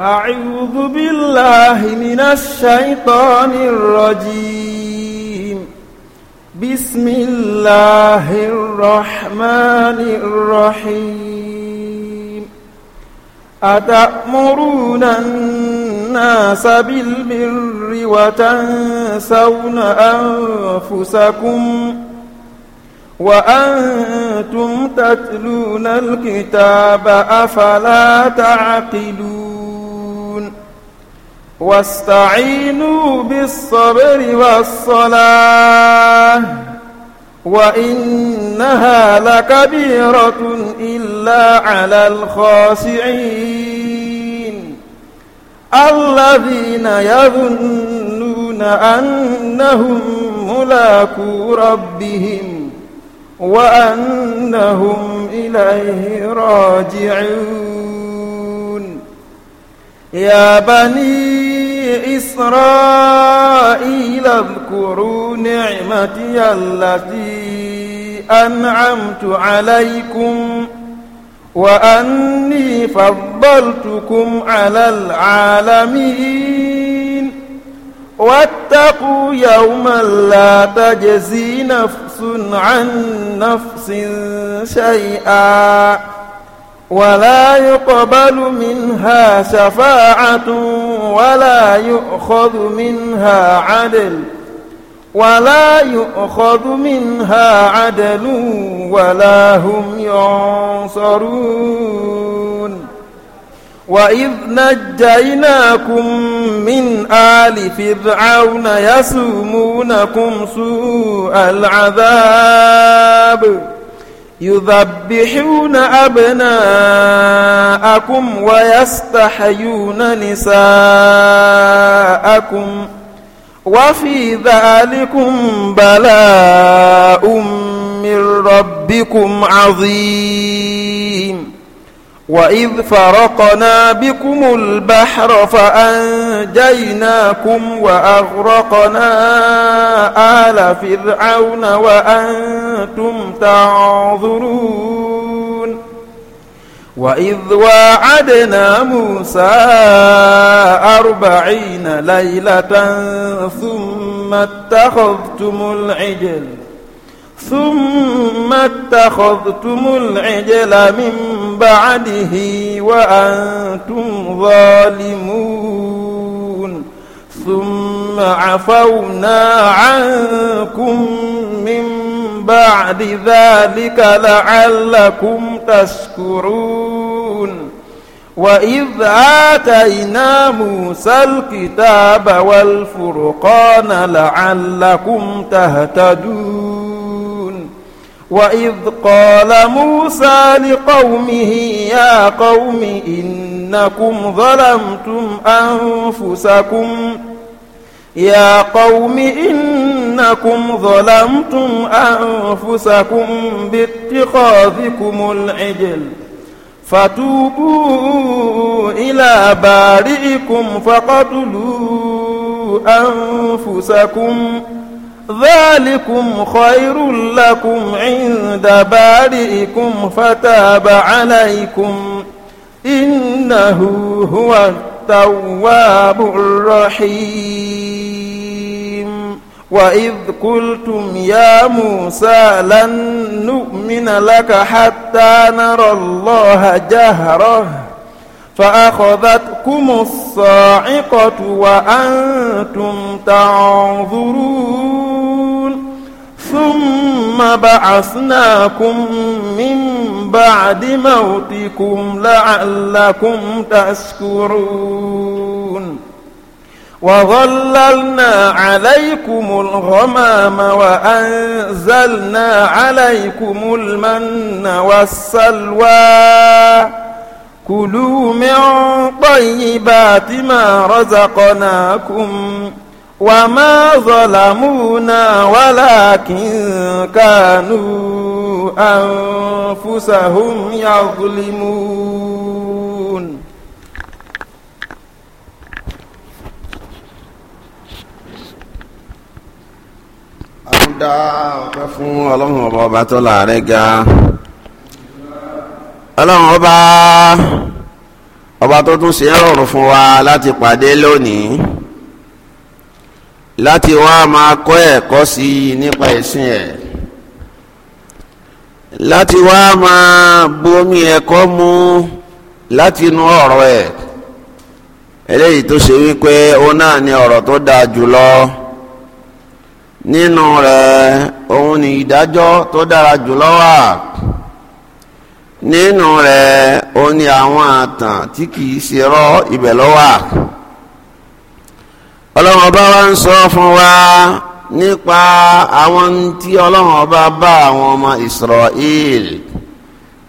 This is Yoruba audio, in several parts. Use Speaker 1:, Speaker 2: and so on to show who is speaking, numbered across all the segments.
Speaker 1: أعوذ بالله من الشيطان الرجيم بسم الله الرحمن الرحيم أتأمرون الناس بالبر وتنسون أنفسكم وأنتم تتلون الكتاب أفلا تعقلون واستعينوا بالصبر والصلاة وإنها لكبيرة إلا على الخاسعين الذين يظنون أنهم ملاكو ربهم وأنهم إليه راجعون يا بني إسرائيل اذكروا نعمتي التي أنعمت عليكم وأني فضلتكم على العالمين واتقوا يوما لا تجزي نفس عن نفس شيئا ولا يقبل منها شفاعة ولا يؤخذ منها عدل ولا يؤخذ منها عدل ولا هم ينصرون وإذ نجيناكم من آل فرعون يسومونكم سوء العذاب يذبحون أبناءكم ويستحيون نساءكم وفي ذلكم بلاء من ربكم عظيم وإذ فرقنا بكم البحر فأنجيناكم وأغرقنا آل فرعون وأنتم تعذرون وإذ واعدنا موسى أربعين ليلة ثم اتخذتم العجل ثم اتخذتم العجل من بعده وأنتم ظالمون ثم عفونا عنكم من بعد ذلك لعلكم تشكرون وإذ آتينا موسى الكتاب والفرقان لعلكم تهتدون وإذ قال موسى لقومه يا قوم إنكم ظلمتم أنفسكم يا قوم إنكم ظلمتم أنفسكم باتخاذكم العجل فتوبوا إلى بارئكم فقتلوا أنفسكم ذلكم خير لكم عند بارئكم فتاب عليكم إنه هو التواب الرحيم وإذ قلتم يا موسى لن نؤمن لك حتى نرى الله جهره فأخذتكم الصاعقة وأنتم تنظرون ثم بعثناكم من بعد موتكم لعلكم تشكرون وظللنا عليكم الغمام وأنزلنا عليكم المن والسلوى كلوا من طيبات ما رزقناكم وما ظلمونا ولكن كانوا أنفسهم يظلمون
Speaker 2: أبدا كفو الله وبابا تلا ọlọ́run ọba ọba tó tún ṣe rọrùn fún wa láti pàdé lónìí láti wá máa kọ́ ẹ̀kọ́ sí i nípa ìsìn ẹ̀ láti wá máa bomi ẹ̀kọ́ mu láti inú ọ̀rọ̀ ẹ̀ eléyìí tó ṣe wípé òun náà ni ọ̀rọ̀ tó dáa jùlọ nínú rẹ̀ òun ni ìdájọ́ tó dára jùlọ wà. nínú rẹ̀ o ní àwọn àtàn tí kìí ṣe rọ́ ibẹ̀ lọ́wà ọlọ́run ọba wa ń sọ fún wa nípa àwọn tí ọlọ́run ọba bá àwọn ọmọ Israel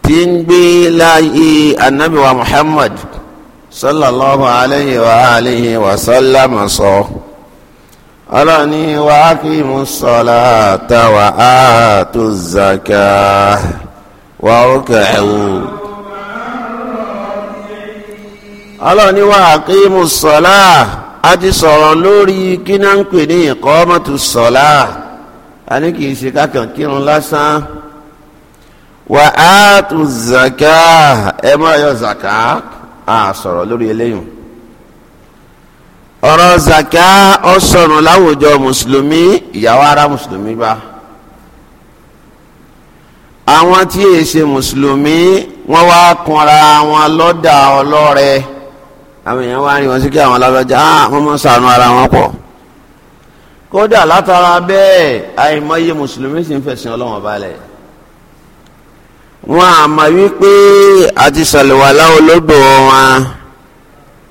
Speaker 2: tí ń gbé láyé anabiwa Muhammad sallallahu alayhi wa alayhi wa sallam sọ ọlọ́run ní wa aqimu salata wa atu zakah. واركعوا ọlọ́run ní wàá kíímù sọ́lá a ti sọ̀rọ̀ lórí kíná ń pè ní ìkọ́mọ̀tò sọ́lá a ní kì í ṣe kákan kírun lásán wà á tún zàká ẹ má yọ zàká a sọ̀rọ̀ lórí eléyìí ọ̀rọ̀ zàká ọ̀sọ̀rùn láwùjọ mùsùlùmí ìyàwó ara mùsùlùmí bá àwọn tí èyí ṣe mùsùlùmí wọ́n wá kanra wọn lọ́dà ọlọ́rẹ àwọn èèyàn wá rí wọn sí kí àwọn alábàjá ah, wọ́n mọ̀ sànú ara wọn pọ̀ kódà látara bẹ́ẹ̀ àìmọye mùsùlùmí sì ń fẹ̀sìn ọlọ́wọ́n balẹ̀ wọn àmọ́ wípé àti sàlùwàlá olódò wọn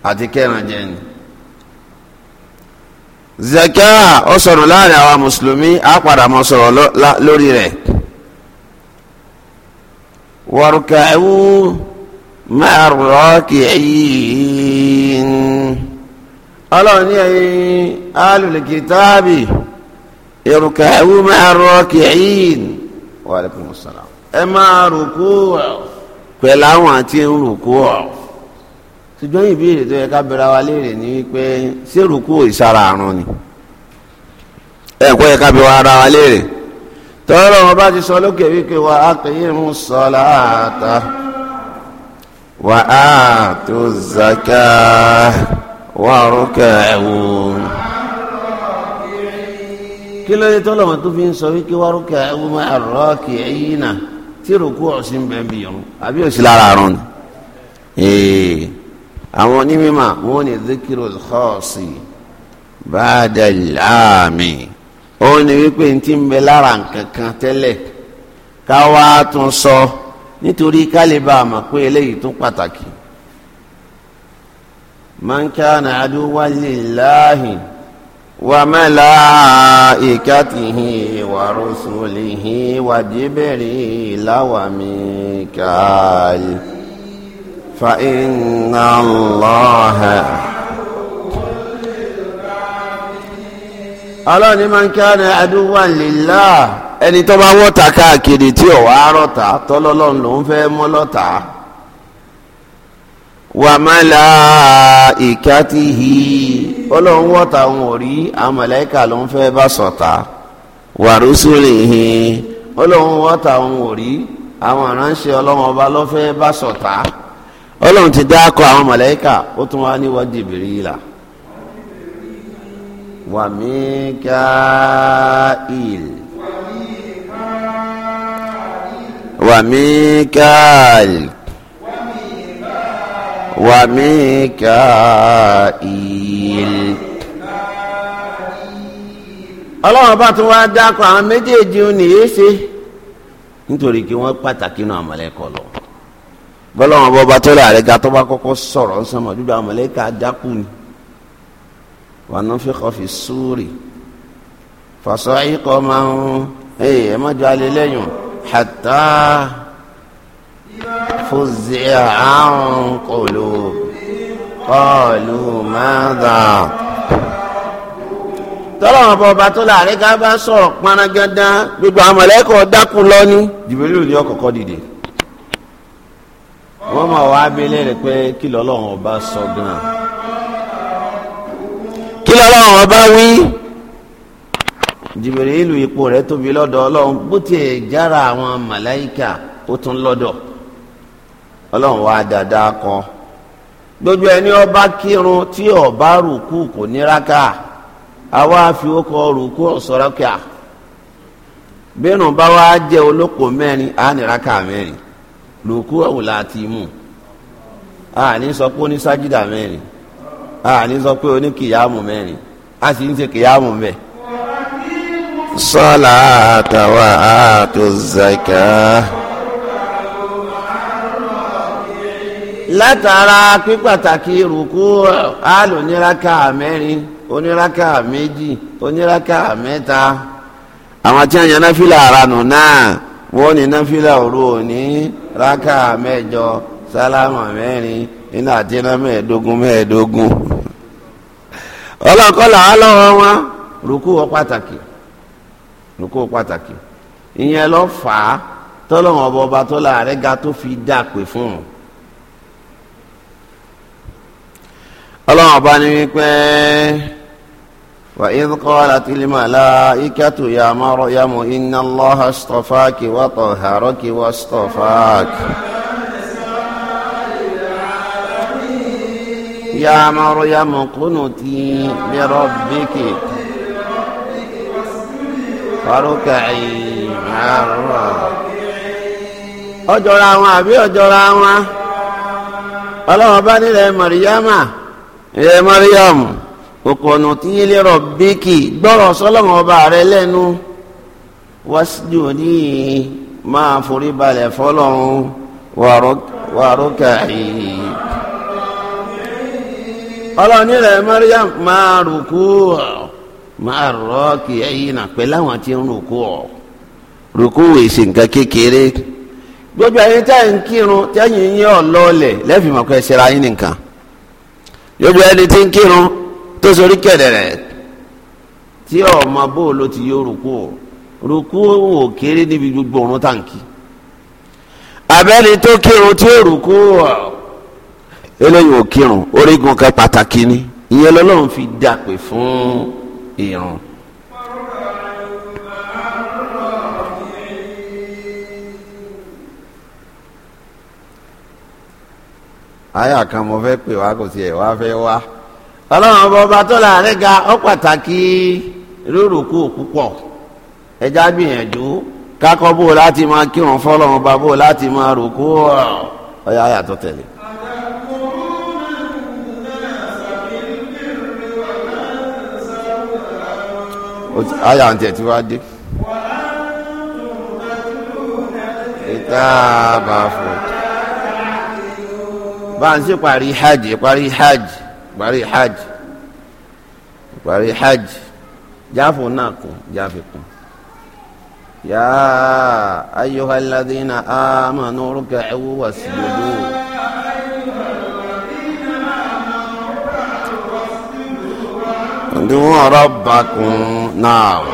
Speaker 2: àti kẹrin jẹni zakia ó láàrin àwa mùsùlùmí á padà mọ́ lórí rẹ̀. واركعوا مع الراكعين ọlọ́run ní ẹ̀yin alùlùkìtàbì ìrùkàwù máa rọkìín wàlẹ́kùn sọ̀rọ̀ ẹ máa rùkú pẹ̀lú àwọn àti ń rùkú ọ̀ ṣùgbọ́n ìbéèrè tó yẹ ká bẹ̀rẹ̀ wa léèrè ní wípé ṣé rùkú ìsara àrùn ni
Speaker 1: ẹ̀kọ́ yẹ ká bẹ̀rẹ̀ wa léèrè
Speaker 2: tọ́lọ́ wọn bá ti sọ lókè wípé wà á kéyìmú sọ́lá àtà wà á tó zaka wà rúkà ẹ̀wò. kí ló dé tọ́lọ́ wọn tó fi ń sọ wípé wà rúkà ẹ̀wò máa rọ́ kì í náà tí rògbò ọ̀sìn bẹ́ẹ̀ bí yọrùn àbí òsì lára àrùn àwọn onímọ̀ wọn ni zikiru khasi ba'da al-aami òun ni wípé n ti ń bẹ lára nǹkan kan tẹ́lẹ̀ ká wá tún sọ nítorí ká lè bá a mọ̀ pé eléyìí tún pàtàkì. man kana aduwwan lillahi wa malaikatihi wa rusulihi wa jibrila wa mikail fa inna allaha. ọlọ́ni máa ń kí ọ́nà àdúgbò ẹni tó bá wọ́ta káàkiri tí ò wá rọ̀ta ló ń fẹ́ mọ́ lọ́ta wà mọ́lá ìkátìhì ọlọ́run wọ́ta òun ò rí àmọ̀lẹ́kà ló ń fẹ́ ọlọ́run wọ́ta òun rí àwọn aránṣẹ́ ọlọ́run ọba ló fẹ́ bá sọ̀ta ọlọ́run ti àwọn mọ̀lẹ́kà ó tún وميكائيل وميكائيل وميكائيل ọlọ́run bá tún wá dákọ̀ àwọn méjèèjì ò nìyé ṣe nítorí kí wọ́n pàtàkì náà àmọ̀lẹ́kọ̀ lọ bọ́lọ́run bọ́ bá tó rà rẹ̀ ga tó bá kọ́kọ́ sọ̀rọ̀ ń sọmọ dúdú àmọ̀lẹ́kà dákù ni ونفخ في السور فصعق من ايه ما جعل لهم حتى فزع عن قلوب قالوا ماذا tọ́lá àwọn ọba tó láàrin ká bá sọ̀rọ̀ panagada gbogbo àwọn mọ̀lẹ́kọ̀ dákun lọ ní. jìbìlì ni ọkọ̀ọ̀kọ̀ dìde. wọ́n máa wá abẹ́lé rẹ̀ pé kí lọ́lọ́run ọba sọ gan-an lọ́lọ́run ọba wí jìbìrìlù ipò rẹ̀ tóbi lọ́dọ̀ ọlọ́run bó tiẹ̀ jára àwọn màláìkà ó tún lọ́dọ̀ ọlọ́run wá dáadáa kan gbogbo ẹni ọba kírun tí ọba rùkú kò ní rákà àwa fi ó kọ rùkú ọ̀sọ́rákà bẹ́ẹ̀nù bá wá jẹ́ olóko mẹ́rin á ní rákà mẹ́rin rùkú ọ̀wùlà àti imú a ní sọ pé ó ní sájídà mẹ́rin àní sọ pé oní kìyàmù mẹ́rin a sì ń ṣe kìyàmù mẹ́. sọ́lá àtàwà àtò zaka. látara pípàtàkì rúkú alóníraka mẹ́rin oníraka méjì oníraka mẹ́ta àwọn tí wọ́n yan náfìlà ara nù náà wọ́n ní náfìlà òru òní raka mẹ́jọ sálámà mẹ́rin iná àti iná mẹ́ẹ̀ẹ́dógún mẹ́ẹ̀ẹ́dógún ọlọ́kọ́lá alọ́wọ́ wọn rúkú wọ pàtàkì rúkú pàtàkì ìyẹn lọ fà á tọ́lọ́wọ́n ọba ọba tó láàárẹ̀ ga tó fi dá pè fún un. ọlọ́wọ́n ọba ni wípé وإذ قالت nlọ ha مريم إن الله اصطفاك وطهرك واصطفاك يا مريم اقنتي لربك واركعي مع الراكعين أجرا وأبي أجرا ọlọ́wọ́ bá nílẹ̀ mọ̀ríyámà ilẹ̀ mọ̀ríyámù òkòònù tí ilé rọ̀ bíkì gbọ́rọ̀ sọ́lọ́mọ ọba rẹ lẹ́nu wáṣíjú ní máa forí balẹ̀ fọlọ́run wàrúkà yìí. Ọlọọ rẹ̀ Mariam máa rùkú ọ̀ máa rọ́ kì í ẹ̀yìn tí ń rùkú ọ̀ rùkú èsì nǹkan kékeré gbogbo ń kírun tẹ́yìn mọ̀kọ́ ṣẹra yín nìkan gbogbo ẹni tí ń kírun tó sorí kẹ̀dẹ̀rẹ̀ tí ọmọ bóòlù ti yó rùkú ọ̀ ò kéré gbogbo ọ̀run tí eléyìí ò kírun orígun kan pàtàkì ni ìyẹn lọ́lọ́run fi dàpè fún ìrun. àyà kan mo fẹ́ pè wá kò sí ẹ̀ wá fẹ́ wá ọlọ́run bọba tó láàrin ga ó pàtàkì rúrùkú púpọ̀ ẹja gbìyànjú kákọ́ bó láti máa kírun fọlọ́run bá bó láti máa rùkú ọ̀ọ́ ọ̀yà àyà tó tẹ̀lé. àyà àǹtí ẹ̀ tí wàá dé. ìta bá fò. bá ń ṣe parí hajj parí hajj parí hajj parí hajj jáfò náà kù jáfì kù. يا أيها الذين آمنوا اركعوا واسجدوا دعوا ربكم نعم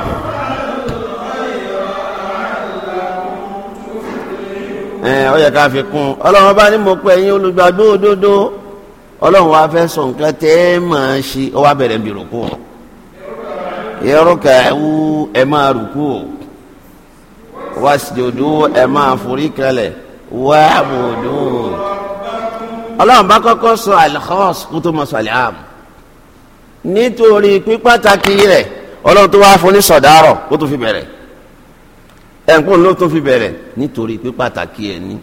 Speaker 2: ó yẹ ká fi kún ọlọ́run bá ní mo pé ẹ̀yin olùgbàgbọ́ òdodo ọlọ́run wa fẹ́ sọ nǹkan tẹ́ ẹ máa ṣe ó wá bẹ̀rẹ̀ bí rùkú o yẹ́rùkà ẹ̀wú ẹ máa rùkú o wàsídòdó ẹ máa forí kalẹ̀ wàbòdò ọlọ́run bá kọ́kọ́ sọ àlìkọ́s kó tó mọ̀ sọ àlìhàm nítorí pípàtàkì rẹ̀ ọlọ́run tó wáá fún ní sọ̀dárọ̀ ó tó fi bẹ̀rẹ̀ ẹ̀ǹkún ló tó fi bẹ̀rẹ̀ nítorí pé pàtàkì ẹ̀ ní.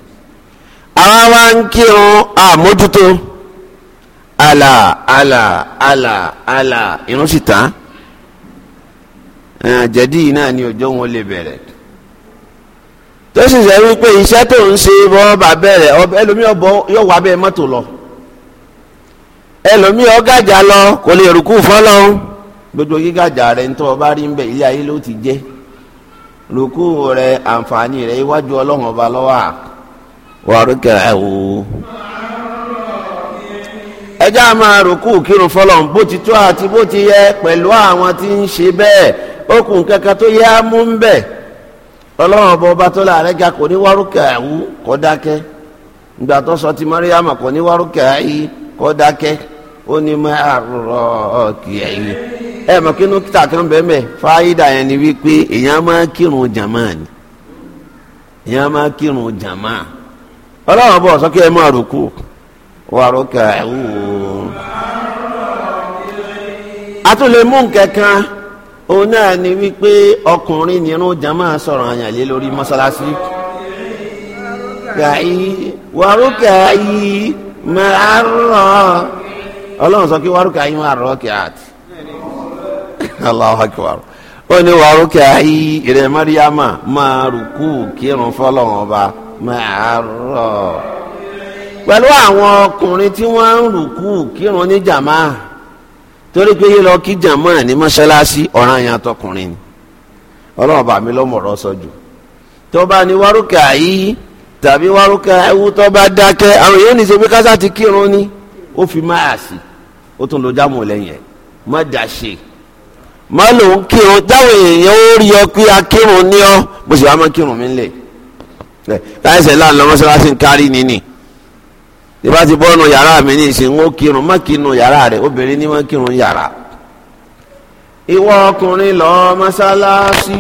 Speaker 2: àwa wá ń kírun àmójútó àlà àlà àlà àlà irun sì jẹ̀dí yìí náà ni ọjọ́ wọn lè bẹ̀rẹ̀ tó sì sẹ́ wípé iṣẹ́ tó ń ṣe bọ́ọ̀bà bẹ̀rẹ̀ ẹlòmíì ọ̀bọ̀ yóò wá bẹ́ẹ̀ mọ́tò lọ ẹlòmíì ọ̀gájà lọ kò lè rúkú fọ́lọ́hún. gbogbo gígàjà rẹ ń tọ́ rí ń ilé ayé ló ti jẹ́ rẹ àǹfààní rẹ iwájú ọlọ́run ọba lọ́wọ́ à wàrúkẹ́ ẹ̀ wò ó. ẹjẹ́ a máa kírun bó ti tó àti bó ti yẹ pẹ̀lú àwọn tí ń ṣe bẹ́ẹ̀ okùn kankan tó yẹ á mú ń bẹ̀ ọlọ́run ọba ọba tó láàrẹ́ ga kò ní wò kọ́ dákẹ́ ìgbà tó sọ ti kò ní yìí ẹ mọ̀ kí kan bẹ́ẹ̀ mẹ́ fáyidà yẹn ni wípé èèyàn máa kírun jàmá ni èèyàn máa kírun jàmá ọlọ́run bọ̀ sọ́kẹ́ ẹ máa rò kú wà a mú òun náà ni wípé ọkùnrin nírun jàmá sọ̀rọ̀ lórí mọ́sálásí kàyí wàrúkà yìí máa ọlọ́run sọ kí wàrúkà yìí Allahu akbar ó ní wàá rúkẹ́ ayé ìrẹ́ mẹ́ríàmà máa rúkú kírun fọlọ́run ọba máa rọ̀ pẹ̀lú àwọn ọkùnrin tí wọ́n ń rúkú kírun ní jàmá torí pé yìí lọ kí jàmá ní mọ́ṣáláṣí ọ̀ràn yẹn àtọkùnrin ni ọlọ́run bá mi lọ́mọ̀ọ́rọ́ sọ jù tó bá ní wárúkẹ́ ayé tàbí wárúkẹ́ ẹwú tó bá dákẹ́ àwọn èèyàn ní sẹ́bí kásá ti kírun ni ó fi máa sì ó tún lo jámù lẹ́yìn ẹ̀ má dà ṣe má ló ń kírun táwọn èèyàn ó rí ọ pé akírun ní ọ bó sì wá má kírun mi lè láìsẹ̀ láàánú lọ mọ́ṣáláṣí ń kárí nínì ìbá ti bọ́nu yàrá mi ní ìsìn ó kírun má kírun yàrá rẹ̀ obìnrin ní má kírun yàrá. ìwọ ọkùnrin lọ mọ́ṣáláṣí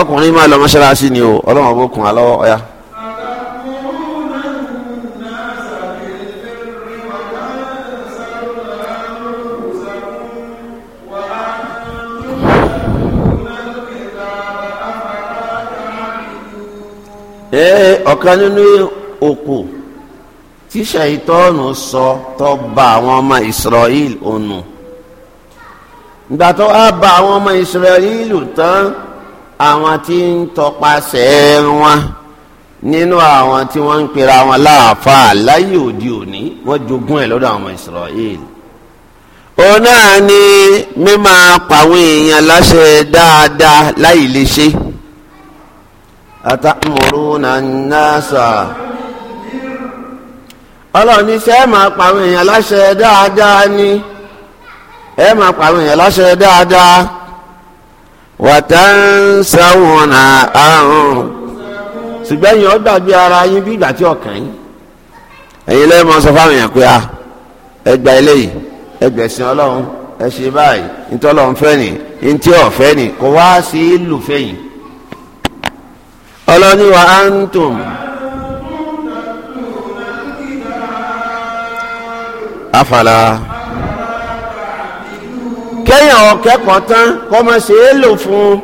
Speaker 2: ọkùnrin má lọ mọ́ṣáláṣí ni o ọlọ́run ọgbọ́n kùn á lọ́wọ́ ọ̀ya. ẹ ọ̀kan nínú òkú tí ṣàìtọ́ọ̀nù sọ tó bá àwọn ọmọ Israel ònù ìgbà tó wá bá àwọn ọmọ Israel tán àwọn tí ń tọpasẹ̀ wọn nínú àwọn tí wọ́n ń pera wọn láàfáà láyé òde òní wọ́n jogún ẹ̀ lọ́dọ̀ àwọn ọmọ Israel òun náà ni mímọ̀ pàwọn èèyàn láṣẹ dáadáa láì lè ṣe. àtàmùrún nàásà na ní ṣe é máa pàwọn èèyàn láṣẹ dáadáa ni ẹ máa pàwọn èèyàn láṣẹ dáadáa wàtánsẹ́wọ̀n àrùn ṣùgbọ́n èèyàn ó gbàgbé ara yín bí ìgbà tí ọkàn yín ẹ̀yin lẹ́yìn sọ fáwọn èèyàn pé a eléyìí ọlọ́run ọlọ́ni wa antum afala kẹ́yìn ọ̀kẹ́kọ̀ọ́ tán kọ́ máa ṣe é lò fún un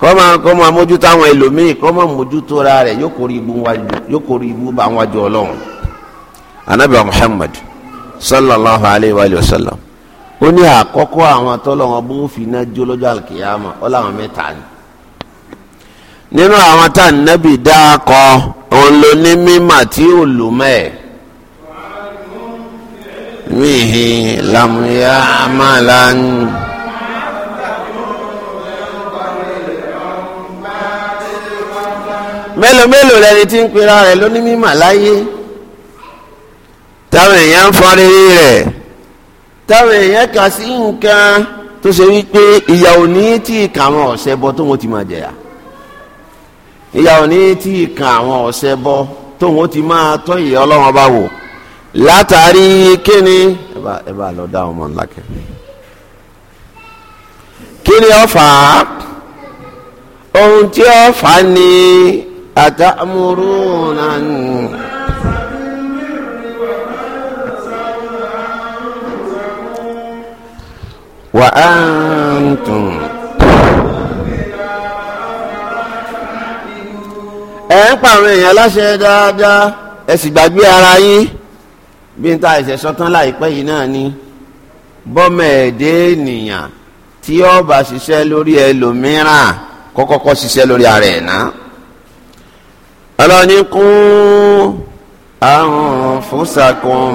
Speaker 2: kọ́ máa kọ́ máa mójútó àwọn ẹlòmíì kọ́ máa mójútó ra rẹ̀ yóò kórè ibú wájú yóò kórè ibú wájú ọlọ́run anabi muhammad sallallahu alayhi wa sallam ó ní àkọ́kọ́ àwọn tọ́lọ́ wọn bó fi iná jó lọ́jọ́ àlùkìyàmọ̀ ọ́ mẹ́ta ni nínú àwọn tá à nẹ́bì dáàkọ òun ló ní mímà tí ò lò mẹ́ẹ̀. mihi lamuya amalan. mélòó mélòó lẹni tí ń pera rẹ̀ ló ní mímà láyé táwọn èèyàn ń fọn rírí rẹ̀ táwọn èèyàn kà sí nǹkan tó ṣe wípé ìyàwó ní tí ìkàwọn ọ̀sẹ̀ bọ́ tó wọn ti máa jẹ̀yà ìyá òní tí kan àwọn ọ̀sẹ̀ bọ́ tóun ó ti máa tọ́ ìyá ọlọ́run bá wò látàrí kíni ẹ bá lọ dá ọmọ ńlá kẹ kíni ọ̀fà ohun tí ọ̀fà ni àtàmúrúnà nù. وأنتم ẹ̀ ń pa àwọn èèyàn láṣẹ dáadáa ẹ sì gbàgbé ara yín bí n ta ẹ̀sẹ̀ sọ́tán láìpẹ́ yìí náà ni bọ́mọ ẹ̀dẹ́ ènìyàn tí ó bá ṣiṣẹ́ lórí ẹlòmíràn kọ́kọ́kọ́ ṣiṣẹ́ lórí ara ẹ̀ ná. ọlọ́ni kún àrùn fúnṣàkùn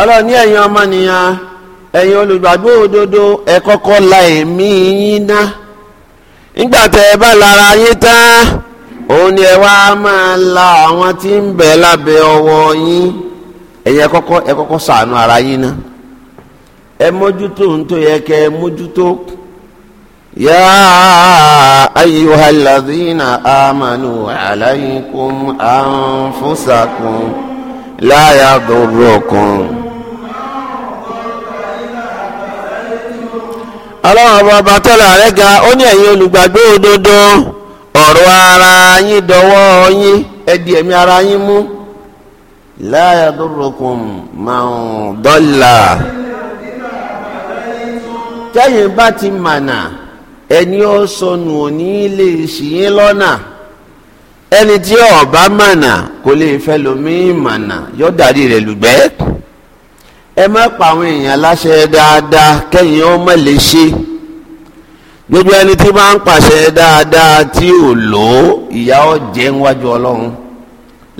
Speaker 2: ọlọ́ni ẹ̀yin ọmọnìyàn ẹ̀yin olùgbàgbọ́ òdodo ẹ kọ́kọ́ la ẹ̀mí yín náà nígbà tẹ ẹ bá lára yín tán òun ni ẹ wá máa la àwọn tí ń bẹ lábẹ́ ọwọ́ yín ẹ̀yin ẹ kọ́kọ́ ẹ kọ́kọ́ ṣàánú ara yín ná ẹ mójútó ń tó yẹ kẹ́ ẹ mójútó yá ayyuhal ladhina amanu alaykum anfusakum la yadurrukum. ala
Speaker 1: ọba tọ́lá rẹ̀ ga ó ní
Speaker 2: ẹ̀yin olùgbàgbọ́ òdodo ọ̀rọ̀ ara yín dọwọ́ yín ẹ̀dì ẹ̀mí ara yín mú la yadurrukum man dalla tẹ́yìn bá ti mànà ẹni ó sọnù òní lè ṣì yín lọ́nà ẹni tí ọba mànà kò lè fẹ́ yọ mànà yóò rẹ̀ ẹ má pa àwọn èèyàn láṣẹ dáadáa kẹ́yìn ó lè ṣe gbogbo ẹni tí máa ń pàṣẹ dáadáa tí ò lò ó jẹ níwájú ọlọ́run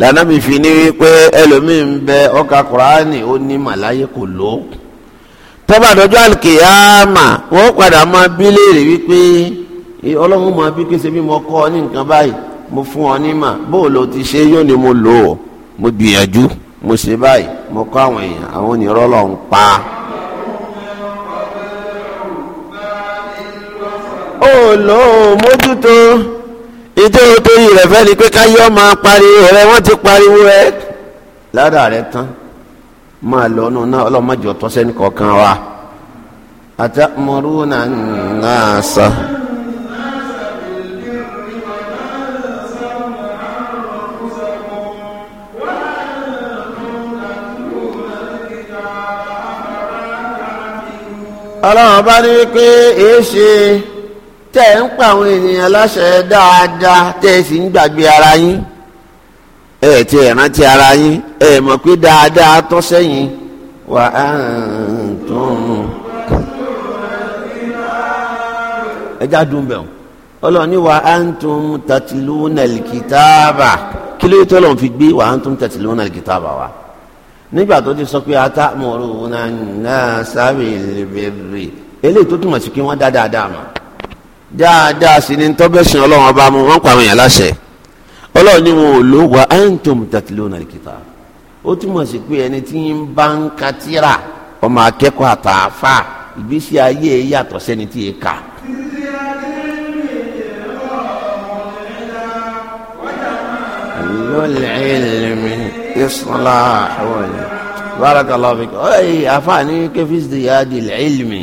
Speaker 2: lànà mi fi ní wípé ẹlòmíín bẹ ọkà kùránì ó ní màláyé kò lò ó tọ́ba àlùkìyàmà wọ́n padà máa bí léèrè wípé ọlọ́run máa bí kése bí mo kọ́ ọ ní nǹkan báyìí mo fún ọ ní mà bóòlù ti ṣe yóò mo ṣe báyìí mo kọ́ àwọn èèyàn àwọn onírọ́ lọ ń pa. ó lò ó mójútó ìdí ohun tó yí rẹ̀ fẹ́ ni pé káyọ́ máa pariwo rẹ̀ wọ́n ti pariwo rẹ̀ ládàá rẹ̀ tán máa lọ ọ́nà náà ọlọ́mọdé ọ̀tọ́ sẹ́ni kọ̀ọ̀kan wa. àtàkùnmọ̀rún náà ń sọ. ọlọ́run bá ní wípé èéṣe tẹ́ ń pa àwọn ènìyàn láṣẹ dáadáa tẹ́ ẹ sì ń gbàgbé ara yín ẹ ti ẹ̀ rántí ara yín ẹ mọ̀ pé dáadáa tọ́ sẹ́yìn wà á tún ẹ já dùn ọlọ́run ní wà á tún tàtìlú nàìjíríà kí ló yẹ tọ́lọ́run fi gbé wà á tún tàtìlú nàìjíríà kìtàbà wa nígbà tó ti sọ pé ata mọ̀rọ̀ náà náà sábì rèbèrè eléyìí tó túmọ̀ sí kí wọ́n dá dáadáa mọ̀ dáadáa sí ni tọ́gbẹ́sìn ọlọ́run ọba mu wọ́n pa àwọn èèyàn láṣẹ ọlọ́run ni wọn ò lò wá antum tatluna alkitab ó túmọ̀ sí pé ẹni tí ń bá ń ka tíra ọmọ akẹ́kọ̀ọ́ àtàáfà ìgbésí ayé yàtọ̀ sẹ́ni tí yẹ ká. lọ́lẹ̀ ẹ̀lẹ́mì ìsọ̀lá àwọn ènìyàn barakallahu fik ọyẹ afaani kefis yadi ilmi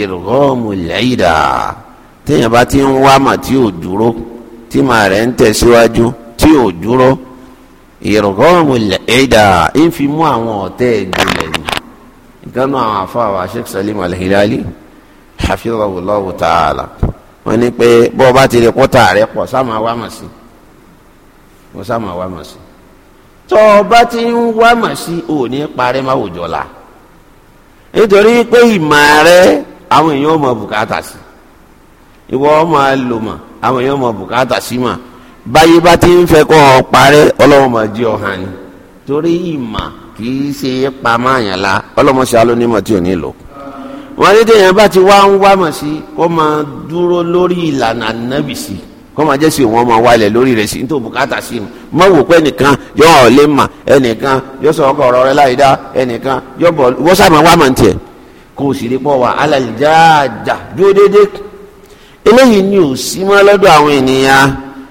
Speaker 2: irghamu lẹyida téèyàn bá ti ń wá mà tí ò dúró tí màá rẹ̀ ń tẹ̀síwájú tí ò dúró irghamu lẹyida ń fi mú àwọn ọ̀tẹ̀ ìgbìlẹ̀ ni ìkànnì àwọn afáwà sheikh salim alhilali hafizahullahu ta'ala wọ́n ní pé bọ́ọ̀ bá ti lè kọ́ta rẹ̀ pọ̀ sáà máa wá mà sí wọ́n sáà máa wá mà sí. tó o bá ti ń wá mà sí ò ní parẹ́ máa nítorí pé ìmọ̀ rẹ àwọn èèyàn bukata si. bùkátà sí ìwọ máa lò àwọn èèyàn bùkátà sí mà bá ti ń fẹ́ kọ́ ọ parẹ́ ọlọ́wọ́n máa ọ hàn ni torí ìmọ̀ kì í ṣe pamọ́ àyànlá ọlọ́mọṣẹ́ alónímọ̀ tí ò ní lò wọ́n ní dúró lórí ìlànà kọ́ máa jẹ́ sí wọn máa wálẹ̀ lórí rẹ̀ sí nítorí bùkátà sí mu má wò pé ẹnìkan yọ ọ̀ lé mà ẹnìkan yọ sọ ọkọ ọ̀rọ̀ rẹ láì dá ẹnìkan yọ bọ̀ wọ́n sábà wá màá tiẹ̀ kó o sì rí pọ̀ wá alàlìjáàjà dúró déédé eléyìí ni ò sí mọ́ lọ́dọ̀ àwọn ènìyàn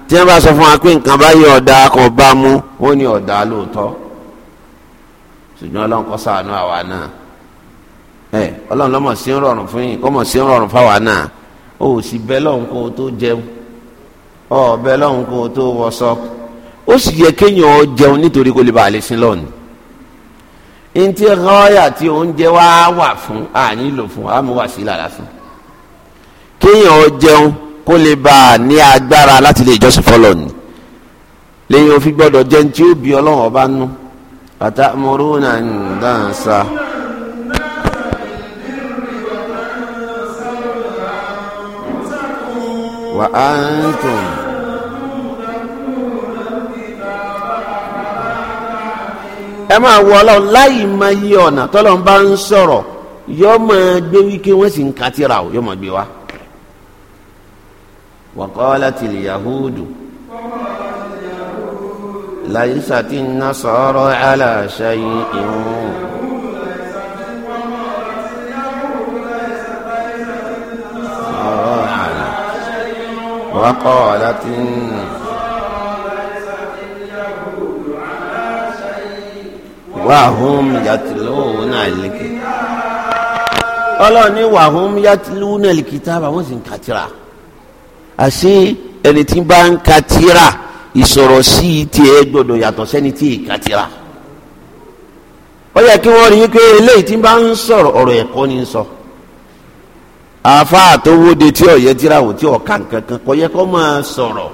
Speaker 2: tí wọ́n bá sọ fún wa pé nǹkan bá yọ ọ̀dà kan bá mú wọ́n ní ọ̀dà lóòótọ́ ṣùgbọ́n ọlọ́run kó àwa náà ẹ ọlọ́run sí ń rọrùn fún yín kọ́mọ̀ sí ń rọrùn fáwa náà o sì bẹ́ lọ́run tó jẹun ọ̀bẹ lọ́hùn kó o tó wọṣọ ó sì yẹ kéèyàn ọ jẹun nítorí kó lè bá a lè sin lọ́ọ̀nù ntí rọ́ọ̀yà tí oúnjẹ wá wà fún àní lò fún amúwàsílà lásán kéèyàn ọ jẹun kó lè bá ní agbára láti lè jọ́sìn fọlọ́ọ̀nù lẹ́yìn òfin gbọ́dọ̀ jẹ́ ní ó bí ọlọ́run ọba nú àtàmúrúnà ń dáǹsà. wà á ń tún.
Speaker 1: ẹ máa wọ ọlọ́run
Speaker 2: láì máa yí ọ̀nà tọ́lọ́run bá ń sọ̀rọ̀ yọ máa gbé wíkẹ́ wọ́n sì ń katira o yọ máa gbé wa. waqalatil yahudu sọ̀rọ̀ yìí laysatin nasara ala shay'in. waqalatin. wàhùn yàtìlúnà lìkì ọlọ́run ní wàhùn yàtìlúnà lìkì tábà wọ́n sì ń kàtìrà àṣé ẹni tí bá ń kàtìrà ìsọ̀rọ̀ sí i tiẹ̀ gbọ́dọ̀ yàtọ̀ sẹ́ni tí ì kàtìrà ó yẹ kí wọ́n rí i pé eléyìí tí bá ń sọ̀rọ̀ ọ̀rọ̀ ẹ̀kọ́ ni ń sọ àfa àtọwọ́de tí ọ̀yẹ́ tíráwò tí ọ̀ka nǹkan kan yẹ kó máa sọ̀rọ̀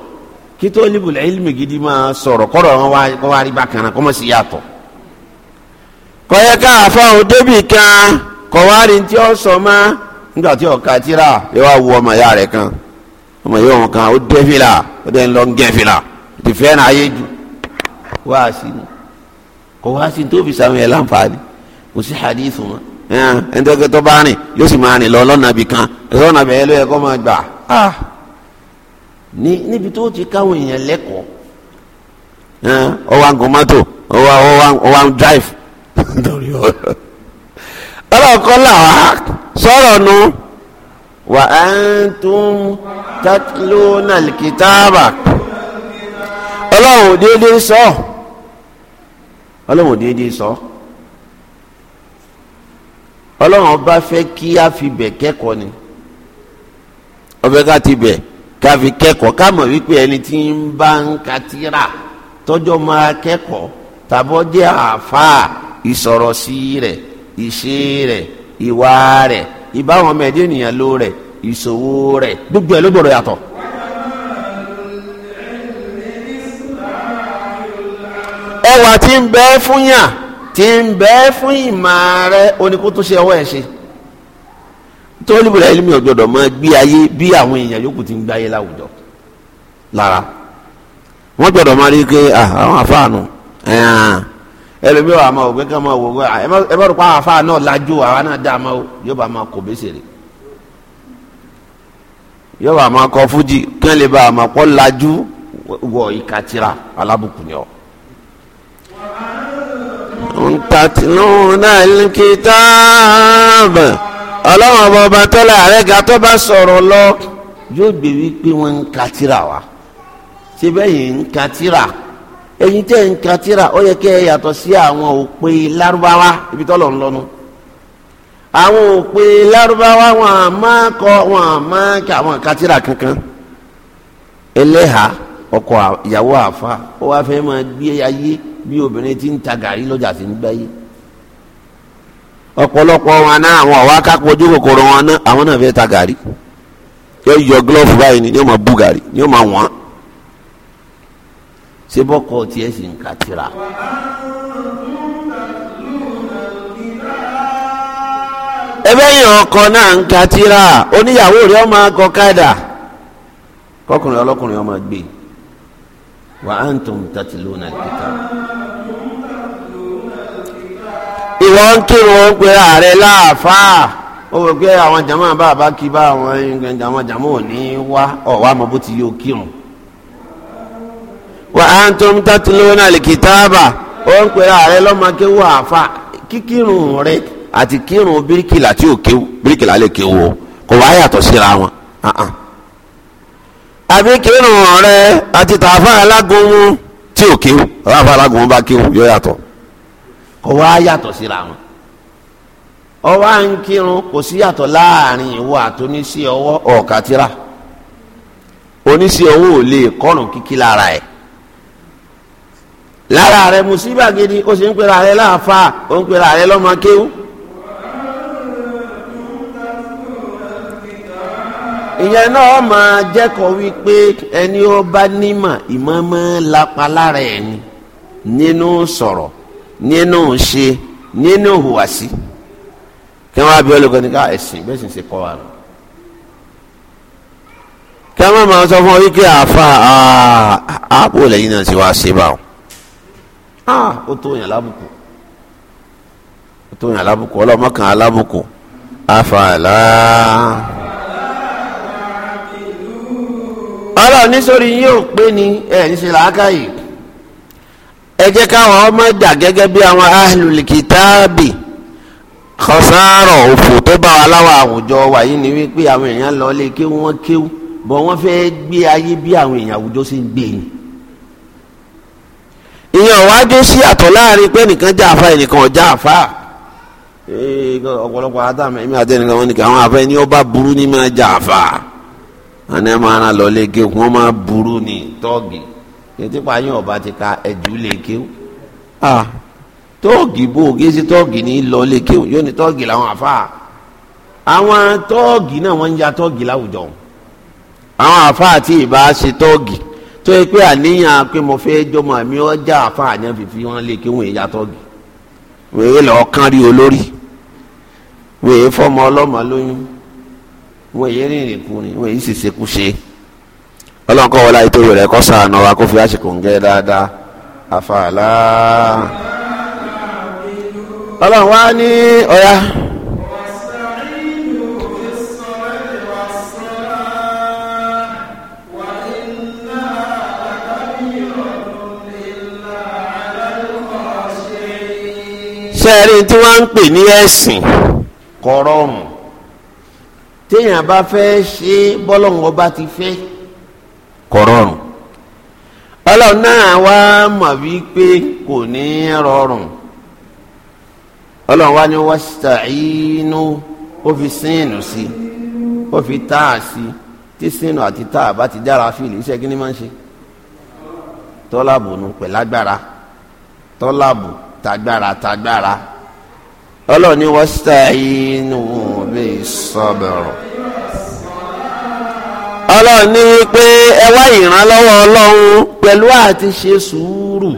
Speaker 2: kí tó níbùlẹ̀ ilmi gidi máa sọ̀rọ̀ kọ́rọ̀ wọn wá rí bákan náà kó má sí yàtọ̀ kọ̀yẹ́ ká àfáhùn débì kan kọ̀wárí tí ó sọ mọ́ nígbà tí ọ̀ka tíra yóò wá wu ọmọ ya rẹ̀ kan ọmọ yóò wọn kan ó dé fìlà ó dé lọ fìlà ti fẹ́ náà ayé jù wá sí i kò tó fi sàmì ẹ̀ láǹfààní kò sí hadithu tó kẹ́ tó bá rìn kan lọ́nà nítorí ọ̀rọ̀ ọlọ́ọ̀kọ́ làwà sọ̀rọ̀ nu wa antum tatluna alkitaba ọlọ́run déédéé sọ ọlọ́run déédéé sọ ọlọ́run bá fẹ́ kí a fi bẹ̀ kẹ́kọ̀ọ́ ni ọbẹ̀ ká ti bẹ̀ ká fi kẹ́kọ̀ọ́ ká mọ̀ wípé ẹni tí ń bá ń ka tọ́jọ́ máa kẹ́kọ̀ọ́ tàbọ́ jẹ́ àáfàá ìsọ̀rọ̀ sí rẹ̀ ìṣe rẹ̀ ìwà rẹ̀ ìbáwọn ọmọ ẹ̀dẹ́ ènìyàn ló rẹ̀ ìṣòwò rẹ̀ gbogbo ẹ̀ ló gbọ́dọ̀ yàtọ̀. ẹwà tí ń bẹ fún yàn tí ń bẹ fún ìmọ̀ rẹ oníkótóṣe ọwọ́ ẹ̀ ṣe tó níbùdó ẹlẹ́mi ọ̀gbọ́dọ̀ máa gbé ayé bí àwọn èèyàn yòókù ti ń gbáyé láwùjọ lára wọ́n gbọ́dọ̀ máa rí i pé ah, àwọn àfáànù ẹ̀hán ẹlòmíì wà máa ògbé kan máa wò ẹ má rò pé àáfàá náà lajú àwa náà dá máa yóò bá máa yóò bá máa wọ alábùkún yọ. ọlọ́run ọba ọba tọ́lá ààrẹ ga tó lọ yóò gbé wípé wọ́n ń wa ṣé bẹ́ẹ̀ yìí ń ẹ̀yin tẹ́ ń ka tírà ó yẹ kẹ́ ẹ yàtọ̀ sí àwọn òpè larubawa ibi tọ́lọ̀ ń lọ́nu àwọn òpè larubawa wọn à máa kọ wọn à máa kà wọn ka kankan ẹlẹ́hà ọkọ ìyàwó àfa ó wá fẹ́ máa gbé ayé bí obìnrin ti ń ta gàrí lọ́jà sí ń gbáyé ọ̀pọ̀lọpọ̀ wọn náà àwọn ọ̀wá kápọ̀jú kòkòrò wọn náà àwọn náà fẹ́ ta gàrí yóò yọ gílọ́ọ̀fù báyìí ni yóò máa bú gàrí yóò máa wọ́n á. ṣé bọ́kọ tiẹ̀ sì ń ka tira. ẹbẹ́ yin ọkọ náà ń ka tira oníyàwó rẹ̀ ọmọ akọkadà kọkùnrin ọlọ́kùnrin ọmọ gbé wa antum tatluna al-kitab. ìwọ ń kírun ó ń ààrẹ láàfáà ó wọ pé àwọn jàmáà bá a bá kí bá àwọn ò ti yóò kírun. wa antum tatluna al-kitaba ó ń pèrè ààrẹ lọ́mọ kéwú àfa kíkírun rẹ àti kírun bíríkìlà tí ò kéwú bíríkìlà lè kéwú o kò wá yàtọ̀ síra wọn àbí kírun rẹ àti tààfà alágúnmu tí ò kéwú tààfà alágúnmu bá kéwú yóò yàtọ̀ kò wá yàtọ̀ síra wọn ọwọ́ à ń kírun kò sí yàtọ̀ láàrin ìwọ àtúnisí ọwọ́ ọ̀kàtìrà oníṣẹ́ owó ò lè kọ́rùn kíkí lára ẹ̀ lára rẹ musiba gidi ó sì ń pera rẹ láàfa ó ń pera rẹ lọ́mọ kéwú. ìyẹn náà máa jẹ́kọ̀ọ́ wípé ẹni ó bá nímọ̀ ìmọ̀ máa ń lapa lára ẹni nínú sọ̀rọ̀ nínú ṣe nínú hùwàsí kí wọ́n á bí olùkọ́ ní ká ẹ̀sìn bẹ́ẹ̀ sì ń ṣe kọ́ wa lọ. kí wọ́n máa sọ fún ọ wípé àáfà àápò lẹ́yìn náà ti wá ṣe báwọn. ah ó tó yàn lábùkù ó tó yàn lábùkù ọlọ́mọ kan pé ni ẹ̀ ń ṣe làákàyè ẹ jẹ́ káwọn ọmọ dà gẹ́gẹ́ bí àwọn òfò tó bá wa ni wípé àwọn èèyàn lọ gbé ayé bí àwọn èèyàn àwùjọ ìyẹn ọ̀wájú sí àtọ̀ láàrin pé nìkan já àfa ẹnìkan ọ̀já àfa ọ̀pọ̀lọpọ̀ adam ẹ̀mí àtẹnìkan wọn nìkan àwọn àfa ẹni ọba burú ni máa já àfa àná ẹ̀ máa lọ léke wọn máa burú ni tọ́ọ̀gì kẹtípa yín ọba ti ka ẹ̀jú léke tọ́ọ̀gì bò gẹ́sí tọ́ọ̀gì ní lọ léke yóò ní tọ́ọ̀gì làwọn àfa àwọn tọ́ọ̀gì náà wọ́n ń ya tọ́ọ̀gì láwùjọ àwọn àfa àti ìbá ṣe tọ́ọ̀gì tó yẹ pé àníyàn pé mo fẹ́ jọmọ àmì ọjà àfààní fífi wọn lè kí wọn èyà tọ́gì wọ́n èyí lọ́ọ́ kán rí olórí wọ́n èyí fọmọ ọlọ́mọ lóyún wọ́n èyí rìnrìn kùnrin wọ́n èyí sì ṣekú ṣe ọlọ́nkọ́ wọlé ayé tó rẹ̀ kọ́ sànù wa kó fi àsìkò ń gẹ́ dáadáa àfààlà ọlọ́run wá ní ọ̀yá. sẹ́ẹ̀rí tí wọ́n ń pè ní ẹ̀sìn kọ̀rọ̀rùn téèyàn bá fẹ́ ṣe bọ́lọ́ngọ́ bá ti fẹ́ kọ̀rọ̀rùn ọlọ́run náà wá mọ̀ wípé kò ní rọrùn ọlọ́run wá ní wasta'inu ó fi sínú sí ó fi táà sí tí sínú àti táà bá ti dára fìlì iṣẹ́ kí ni máa ń ṣe tọ́lá bùnú pẹ̀lágbára tọ́lá bùnú tagbára tagbára ọlọ́run ni wasta'inu bis-sabr ọlọ́run ní pé ẹ wá ìrànlọ́wọ́ ọlọ́run pẹ̀lú àti ṣe sùúrù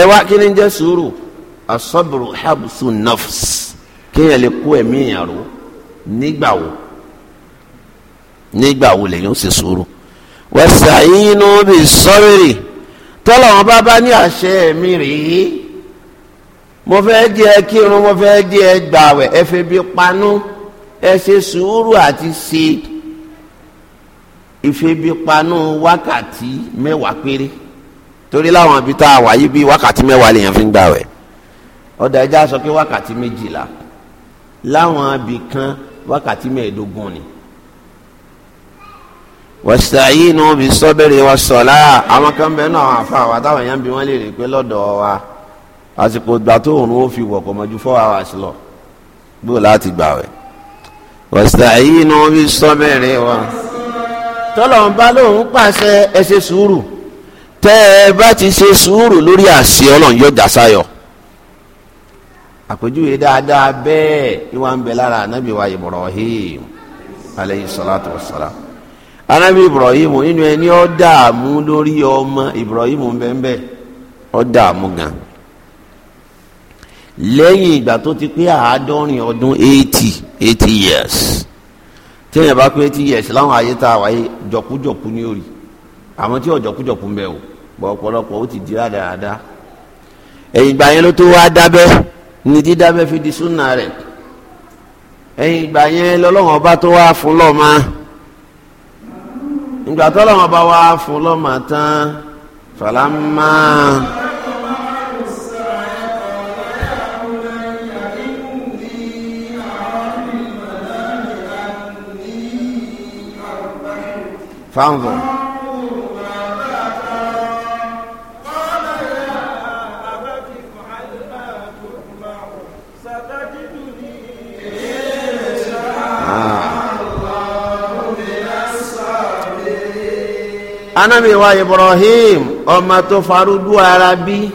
Speaker 2: ẹ wá kí ni jẹ́ sùúrù asọ́bùrù habsu nafs kéèyàn lè kó ẹ̀mí èèyàn nígbà wo nígbà wo lèyàn ṣe sùúrù wasta'inu bis-sabr tọ́lọ̀ wọn bá bá ní àṣẹ mi rèé mo fẹ́ jẹ́ kírun mo fẹ́ jẹ́ gbàwẹ̀ ẹ fẹ́ bí panú ẹ ṣe sùúrù àti ṣe ìfẹ́bípanú wákàtí mẹ́wàá péré torí láwọn ibi tá a wà yí bí wákàtí mẹ́wàá lèèyàn fi ń gbàwẹ̀ ọ̀dà ẹja sọ pé wákàtí méjìlá láwọn ibì kan wákàtí mẹ́ẹ̀ẹ́dógún ni wasta'inu bis-sabri was-salah àwọn kan bẹ́ẹ̀ náà àfa àwọn àtàwọn ń bí wọ́n lè rè pé lọ́dọ̀ wa àsìkò gbà tó òun fi wọ̀ kọ́ mọ́jú four hours láti wa. tọ́lọ̀ ń bá lóun pàṣẹ ẹ ṣe sùúrù tẹ́ ẹ bá ti ṣe sùúrù lórí àṣẹ ọlọ́run yóò anábì ibrahim nínú ẹni ó dààmú lórí ọmọ ibrahim bẹ́ẹ̀ ó dààmú gan lẹ́yìn ìgbà tó ti pé àádọ́rin ọdún eighty eighty years tí èèyàn bá pé eighty years láwọn ayé tá a wáyé jọ̀kújọ̀kú ní orí àwọn tí ọ̀jọ̀kújọ̀kú ń bẹ o bọ̀ ọpọlọpọ ó ti di rádaràda ẹ̀yìn ìgbà yẹn ló tó wá dábẹ́ ní dídábẹ́ fi di súnà rẹ̀ ẹ̀yìn ìgbà yẹn lọ́lọ́wọ́n ọba tó wá fún lọ́ọ́ máa. nígbà tó lọ́wọ́ bá wá fún lọ́mọ tán fàlámà. fáwọn. anábìwá Ibrahim ọmọ tó farúgbó ara bí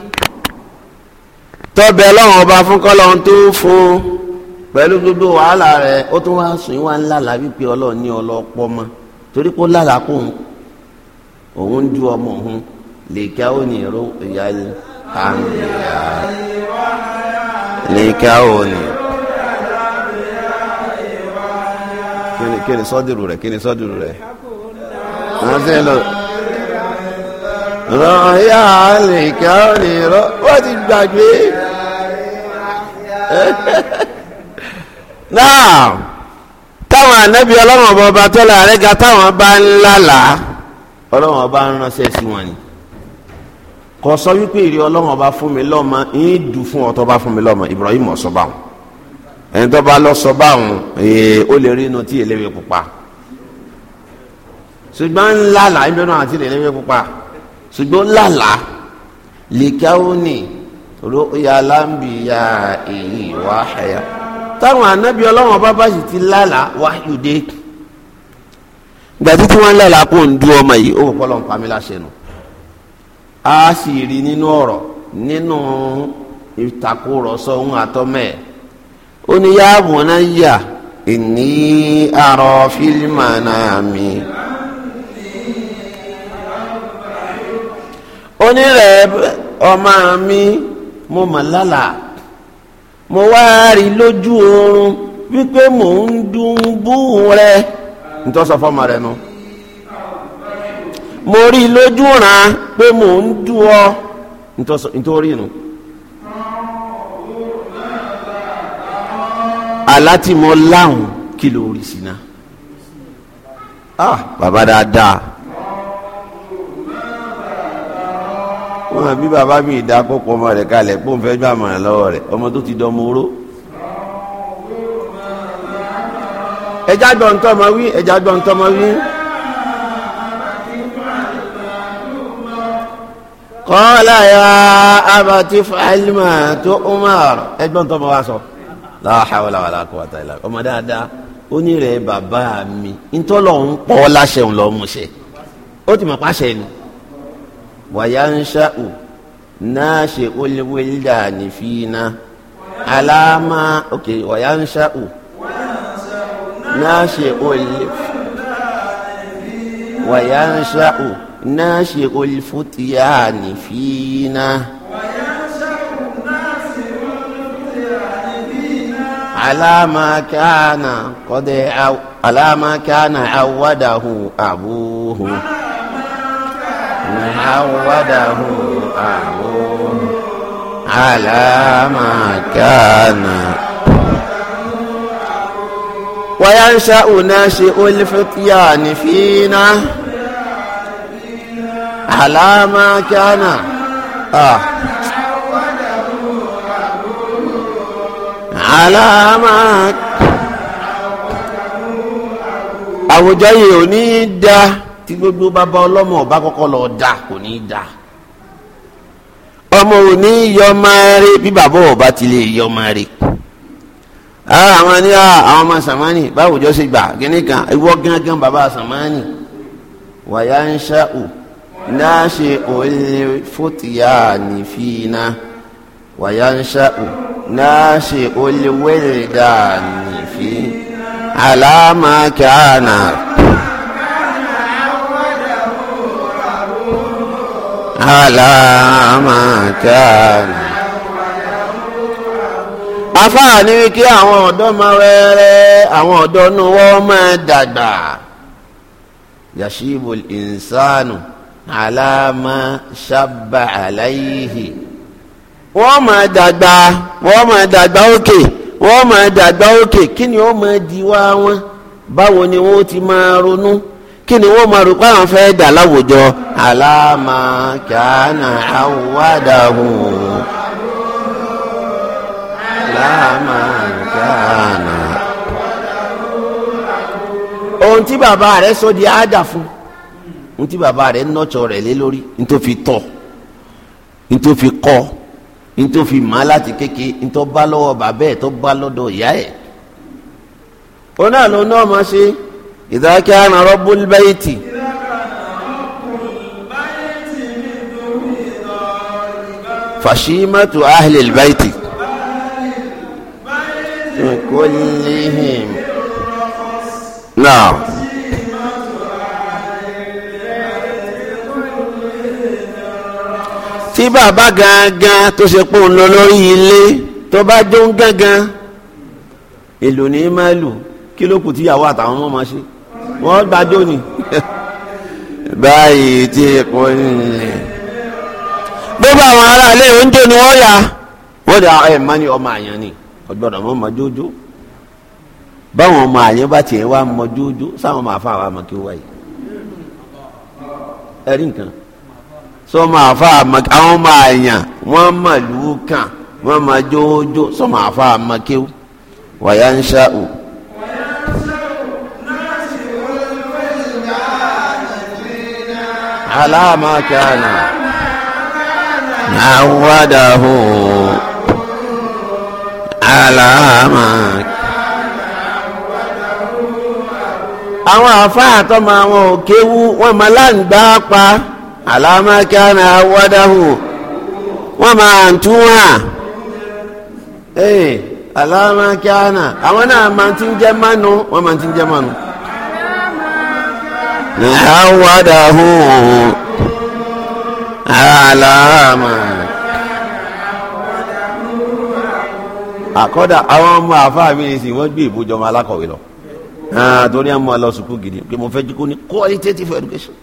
Speaker 2: tọ́bẹ̀ lọ́wọ́n ọba fún kọ́lọ́n tó fún pẹ̀lú gbogbo wàhálà rẹ̀ ó tún wá sùn wá ńlá là wípé ọlọ́run ní ọlọ́pọ̀ mọ́ torí pé ó lálà kó òun ju ọmọ òun lè kí á ó ní ìró ìyá yìí àmìyá lè kí á ó ní. kí ni sọ́dìrù rẹ̀ kí ni sọ́dìrù rẹ̀ rọ̀yà àlìkà nìrọ̀ wọ́n ti gbàgbé. náà táwọn ànábì ọlọ́wọ́n ọba ọba tọ́lá àrẹ́gà táwọn bá ń lálàá ọlọ́wọ́n ọba ń ránṣẹ́ sí wọn ni kò sọ wípé ìrì ọlọ́wọ́n ọba fún mi lọ́mọ ń dùn fún ọtọ́ bá fún mi lọ́mọ Ibrahim ọ̀sọ́ báwọn ẹni tó bá lọ sọ báwọn ó lè rí inú tí eléwé pupa ṣùgbọ́n ńlá làá ń bẹnu àti eléwé pupa ṣùgbọ́n lálàá lìkàwọ́nì ròyà lámbìyà èyí wàhálà táwọn anábì ọlọ́wọ́n bá bá sì ti lálàá wáyúdé gbàtí tí wọ́n lálàá kó ń du ọmọ yìí ó kọ́ lọ́n pamí láṣẹ nù sì rí nínú ọ̀rọ̀ nínú ìtàkùrọ̀sọ ohun àtọ́mẹ́ ó ní yáàbù náà yà ìní àrọ̀ fílmà náà mi. onírẹ̀ ọmọ mi mo mà lálà mo wá rí lójú oorun wípé mò ń dùn bú rẹ nítorí sọ fọmọ rẹ nu mo rí lójú ràn pé mò ń dùn ọ nítorí nu. aláti mọ láhùn kí ló rí sí ah bàbá dáadáa. wọn bí bàbá mi ìdá kókó ọmọ rẹ̀ kalẹ̀ pé òun fẹ́ gbà mọ̀ràn lọ́wọ́ rẹ̀ ọmọ tó ti dọmọ oró. ẹja gbọ́ ntọ́ ma wí ẹja gbọ́ ntọ́ ma wí.
Speaker 1: kọ́lá ya abati fàlímà tó
Speaker 2: umar ẹgbọ́n ntọ́ ma wá sọ. láhàwọlá wàlá kó wàtá ìlà ọmọ dáadáa ó ní rẹ̀ bàbá mi ntọ́lọ̀ ń pọ́ láṣẹ ńlọmọṣẹ ó ti mọ̀ pàṣẹ ni. وينشأ ناشئ الولدان فينا على ما أوكي وينشأ ناشئ ال... وينشأ ناشئ الفتيان فينا على ما كان قد على ما كان عوده أبوه من عوده أبوه على ما كان وينشأ ناشئ الفتيان فينا على ما كان آه. على ما أو جيني الدهر tí gbogbo bàbá ọlọ́mọ ọba kọ́kọ́ lọ da kò ní í da ọmọ ò ní yọmọ rẹ bí bàbá ọba ti lè yọmọ rẹ àwọn ní àwọn ọmọ sàmánì báwo jọ ṣe gbà kíní kan ìwọ gángan bàbá sàmánì wàyà ń ṣáù láṣẹ òye fòtìyà nìfìnà wàyà ń ṣáù láṣẹ òye wẹ́lẹ̀ dà nìfì àlámà aláàmàjáàlì. afáà ní wíkí àwọn ọ̀dọ́ máa rẹ́rẹ́ àwọn ọ̀dọ́ inú wọ́n máa dàgbà yashibu ìnsánù aláàmà sábà aláìhì wọ́n máa dàgbà wọ́n máa dàgbà òkè wọ́n máa dàgbà òkè kí ni ó máa di wá wọn báwo ni wọ́n ti máa ronú kí ni wọ́n máa rò pé àwọn fẹ́ dà láwùjọ. àlàmà kàánà àwàdàhù àlàmà kàánà. ohun tí bàbá rẹ̀ sọ di àádà fún ohun tí bàbá rẹ̀ nọ́tsọ rẹ̀ lé lórí nítòfi tọ̀ nítòfi kọ́ nítòfi mọ́ láti kéke nítòbá lọ́wọ́ bàbá ẹ̀ tó bá lọ́dọ̀ ìyá ẹ̀. òun náà máa ṣe إذا كان رب البيت فشيمة أهل البيت كلهم نعم tí bàbá gangan tó ṣe pò ń lọ lórí ilé tó bá jó ń gangan èlò ní máa kí ló kù tíyàwó àtàwọn ọmọ máa ṣe. wọ́n gbàjọ́ ni. báyìí tí èkó nílẹ̀. gbogbo àwọn ará ilé oúnjẹ ni wọ́n yà wọ́n dà ẹ̀ ní ọmọ àyàn ni ọ̀gbọ́dọ̀ mọ́ ọmọ jójó báwọn ọmọ àyàn bá tiẹ̀ wá mọ jójó sáwọn máa fà wá kí ó wáyé ẹ̀rí nǹkan sọ àwọn ọmọ àyàn wọ́n mọ̀ lù ú kàn على ما كان عوده على ما كان àwọn àfáà tó máa wọn ò kéwú wọn máa láǹgbá pa àlámákánà eh, àwọ́dáhù wọn máa ń tún wà ee àwọn náà máa ti ń jẹ́ mánu wọn máa ti ń jẹ́ mánu. عوده على ما àkọ́dà àwọn ọmọ àfáà mi sì wọ́n gbé ìbòjọ́ ọmọ alákọ̀wé lọ torí àwọn ọmọ lọ sùkúù gidi pé mo fẹ́ jí kó qualitative education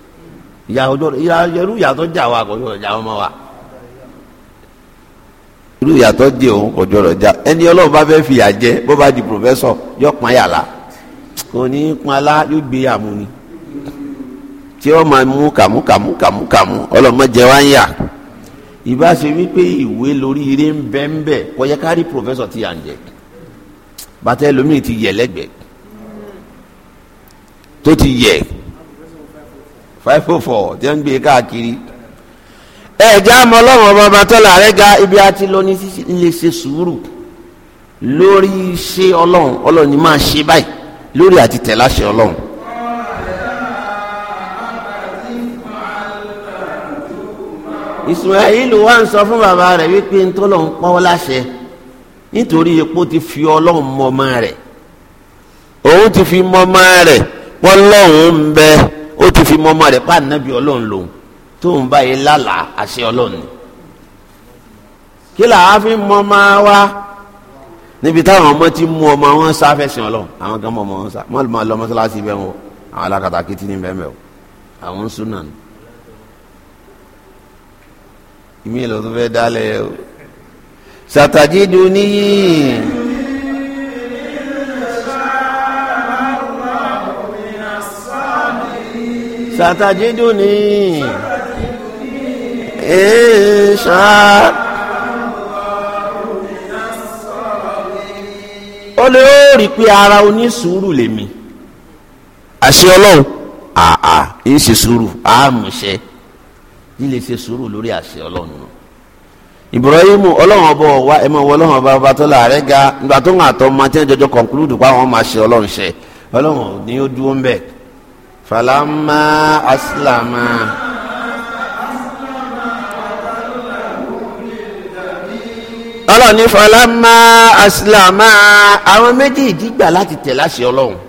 Speaker 2: ìyá ọjọ́ ìyá irú ìyàtọ̀ jà wa kò yọ̀ọ̀jà ọmọ wa irú ìyàtọ̀ jẹ òun kò jọ̀rọ̀ jà ẹni ọlọ́run bá fẹ́ fìyà jẹ bó bá di professor yọ pọn yàrá kò ní pọn alá yóò gbé yàmú ni tí ó máa mú kàmú kàmú kàmú kàmú ọlọ́mọdé wa ń yà ìbá ṣe wípé ìwé lórí ire ń bẹ́ ń bẹ́ kọjá kárí pòfẹ́sọ̀ ti à jẹ bàtà ẹlòmíì ti yẹ lẹ́gbẹ̀ẹ́ tó ti yẹ five oh four tí wọ́n ń gbé e káàkiri ẹ̀ẹ́dá mọ ọlọ́run ọba ọba tọ́lá rẹ̀ ga ibi àti lọ ní lè ṣe sùúrù lórí ṣe ọlọ́run ọlọ́run ni máa ṣe báyìí lórí àti tẹ̀láṣẹ ọlọ́run Ismail wá ń sọ fún bàbá rẹ̀ wípé ń tọ́lọ̀ ń pọ́ láṣẹ nítorí epo ti fi ọlọ́run mọ ọmọ rẹ̀ òun ti fi mọ ọmọ rẹ̀ wọ́n lọ́hùn ń bẹ ó ti fi mọ ọmọ rẹ̀ pa ànábì ọlọ́run lòun tóun báyìí lálàá àṣẹ ọlọ́run ni kí làá fi mọ ọmọ wa níbi táwọn ọmọ ti mú ọmọ wọn sáfẹsìn ọlọ́run àwọn kan mọ ọmọ wọn sá wọn lọ mọ ọlọmọ wọn àwọn alákatakítí ní bẹ́ẹ̀ mẹ o àwọn ń ni ìmí ìlò tó fẹ́ dálẹ̀ o sàtàjídù níyì. sàtàjídù níyì. Insha ó lè ó rí pé ara onísùúrù lèmi àṣẹ ọlọ́run àà ń ṣe sùúrù àmúṣe. Ah, ah, líle ṣe sùúrù lórí àṣẹ ọlọ́run ibrahimu ọlọ́run ọba ọwa ẹ mọ wọ ọlọ́run ọba ọba tó láàrẹ ga nígbà tó ń àtọ ọmọ tí wọn jọjọ kọnkúlùdù pa àwọn máa ṣe ọlọ́run ṣe ọlọ́run ni ó dúró ń bẹ falama asilama. ọlọ́run ní falama asilama àwọn méjì ìdígbà láti tẹ̀ láṣẹ ọlọ́run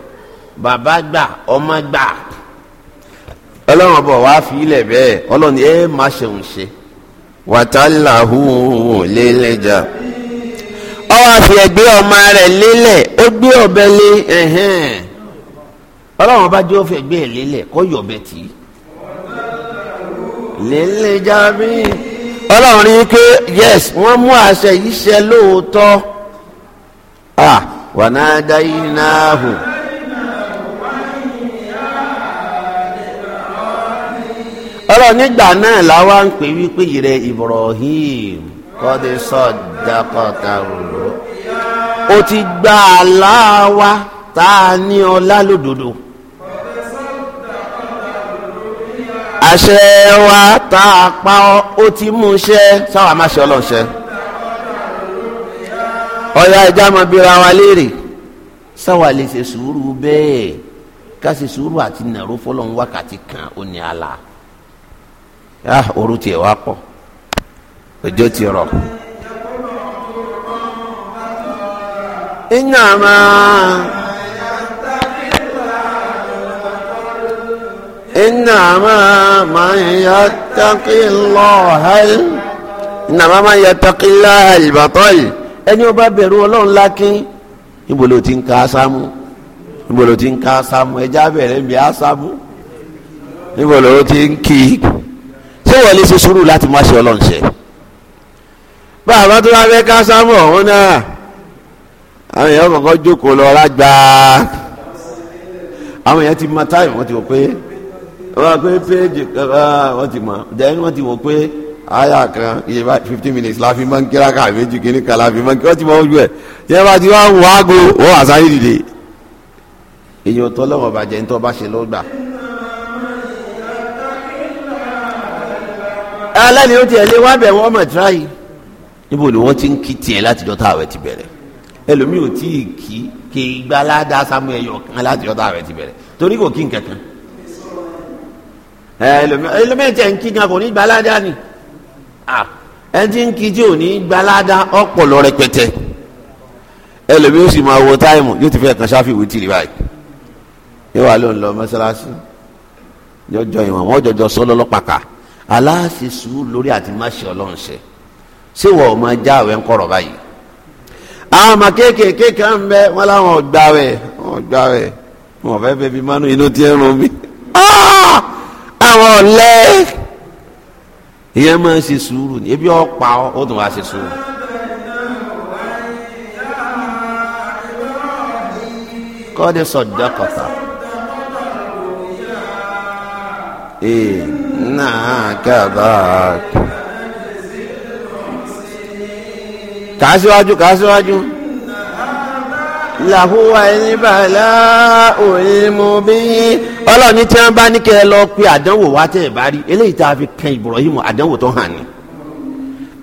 Speaker 2: bàbá gbà ọmọ gbà ọlọ́run ọba wàá fi ilẹ̀ bẹ́ẹ̀ ọlọ́run ẹ má ṣeun ṣe wàtálàhù lélẹ́jà ọ wàá fi ẹgbẹ́ ọmọ rẹ̀ lélẹ̀ ó gbé ọ̀bẹ lé ẹ̀hẹ́n ọlọ́run ọba jẹ́ òfin ẹgbẹ́ ẹ̀ lélẹ̀ kó yọ ọ̀bẹ tì í lélẹ́jà bí ọlọ́run rí i pé yes wọ́n mú àṣẹ yìí ṣe lóòótọ́ ah wà dá yìí hù. ọlọ́ nígbà náà láwa ń pè wípé ìrẹ Ibrahim kọ́dé sọ́dàkọ́ta rò ó ti gba aláwa tá a ní ọlá lódodo àṣẹ wa tá a pa ó ti mú ṣẹ sáwà má ṣe ọlọ́ṣẹ ọ̀yà ẹja mọ bíra wa léèrè sáwà lè ṣe sùúrù bẹ́ẹ̀ ká ṣe sùúrù àti nàró fọlọ́n wákàtí kan ó ní àlà ah òru tiẹ̀ wá pọ̀ òjò ti rọ̀. ìyàmà. إنما من يتق الله إنما من يتق الله البطل ẹni ó bá bẹ̀rù ọlọ́run lákín níbo ló ti ń ka ásámú níbo ló ti ń ka ásámú ẹja bẹ̀rẹ̀ bí ásámú níbo ló ti ń ṣé wọ́n lè ṣe sùúrù láti má ṣe ọlọ́run ṣe. bàbá tó bá fẹ́ ká sámọ̀ ọ̀hún náà àwọn èèyàn kọ̀ọ̀kan jókòó lọ rágbá àwọn èèyàn ti mọ táyì wọ́n ti wọ̀ pé wọ́n pé péjì ah, wọ́n ti mọ̀ dẹ́yìn wọ́n ti wọ̀ pé àyà kan iye bá fifteen minutes la fi máa ń kíra ká méjì kíní kan la fi máa ń kíra wọ́n ti mọ ojú ẹ̀ yẹ́n bá ti wá wọ́n aago wọ́n wà sáyé dìde èèyàn tọ́lọ́wọ́ bàjẹ́ ń tọ́ bá ṣe lọ́gbà. aláìní ó tiẹ̀ lé wá bẹ̀ wọ́n mọ̀ tíráyì níbo ni wọ́n ti ń kí tiẹ̀ láti dọ́tà àwẹ̀ ti bẹ̀rẹ̀ ẹlòmíì ò tí ì kí kì í gba aládàá sámú ẹyọ kan láti dọ́tà àwẹ̀ ti bẹ̀rẹ̀ torí kò kí nǹkan kan ẹlòmíì tẹ̀ ń kí kan kò ní gba aládàá ni ẹ ti ń kí tí ò ní gba aládàá ọ̀pọ̀lọ rẹpẹtẹ ẹlòmíì ó sì máa wo táìmù yóò ti fẹ́ kan ṣáfìwé tìrì báyìí yóò wá lóun lọ mọ́ṣáláṣí yóò ìwọ̀n wọ́n jọjọ sọ́ lọ́lọ́pàá aláàṣẹ sùúrù lórí àti máṣe ọlọ́run ṣe ṣé wọ́n ọmọ ajá àwẹ̀ ń kọ̀rọ̀ báyìí. àwọn ọmọ kéékèèké kan ń bẹ wọn láwọn ọgbà wẹ wọn ọgbà wẹ wọn fẹ́ fẹ́ fi mánú inú tí ń rún mi. Ah!
Speaker 1: àwọn ọ̀lẹ́
Speaker 2: ìyẹn máa ń ṣe sùúrù ní ebi ọ̀pá ó tún wá ṣe sùúrù. kọ́ni sọ̀dọ́kọ̀tà. إنا كذاك كاسواجو كاسواجو làhùwà ẹni bàlá òyìnbóbìyín ọlọ́ọ̀ni tí wọ́n bá ní kẹ́ ẹ lọ pé àdánwò wá tẹ̀ ẹ̀ bá rí eléyìí tá a fi kan Ibrahim àdánwò tó hàn ní.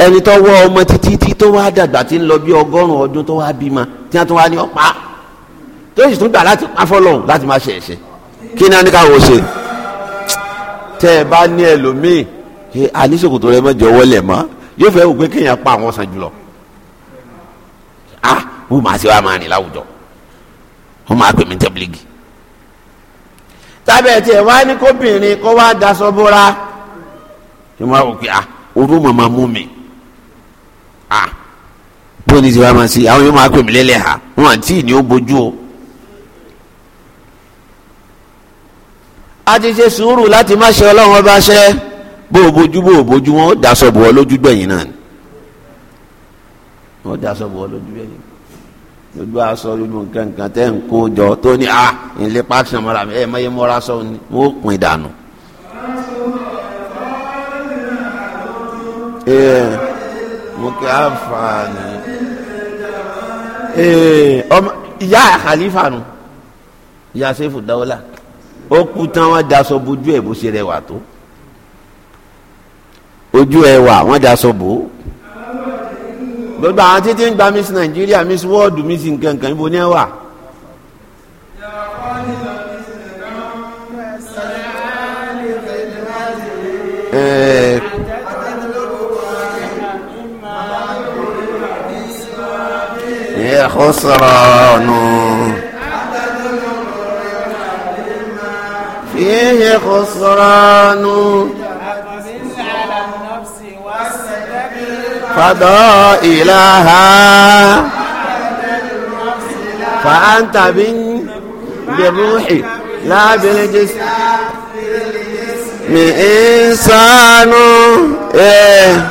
Speaker 2: ẹni tó wọ ọmọ títí tí tó wá dàgbà tí ń lọ bí ọgọ́rùn-ún ọdún tó wá bímọ tí wọ́n tó wá ní ọ̀pá tó sì tún gbà láti pa fọlọ́hùn láti má ṣe ẹ̀ṣẹ̀ kí ni a ní káwọn ṣe tẹ́ ẹ bá ní ẹlòmíì ẹ aníṣòkòtò rẹ mọ́jọ wọlé mọ́ yóò fẹ́ wò pé kéèyàn pa àwọn sàn jùlọ ah wù máa ṣe wá máa rìn láwùjọ wọ́n máa pè mí tẹ́bílígì tábẹ̀ tiẹ̀ wá ní kóbìnrin kó wá daṣọ bóra ẹ máa wò pé ah orú mọ̀ máa mú mi ah bóyá ní ti wá máa ṣe àwọn yóò máa pè mí lẹ́lẹ́ ha wọn àti ìní ó bójú o. a ti ṣe sùúrù láti má ṣe ọlọ́run ọba ṣẹ́ bó o bójú bó o bójú wọn ó daṣọ bò ọ lójú gbẹ̀yìn náà ni wọ́n daṣọ bò ọ lójú gbẹ̀yìn lójú aṣọ lójú nǹkan nǹkan tẹ́ ń kó jọ tó ní a ah, ìlẹ̀ pàṣẹ mọ́ra mi ẹ̀ mọ́yé mọ́ra sọ ni wọ́n pin dànù. mo kí àǹfààní ìyá àkàlífà nù ìyá sẹ́fù dáwọ́lá ó kú tán wọ́n daṣọ bojú ẹ̀ bó ṣe rẹwà tó ojú ẹ̀ wà wọ́n daṣọ bò ó gbogbo àwọn títí ń gba miss Nàìjíríà miss world miss nkankan ibo ni ẹ wà. ẹẹ ẹ kó sọ̀rọ̀ فيه خسران فضائلها فأنت بن بالروح لا بالجسم إنسان إيه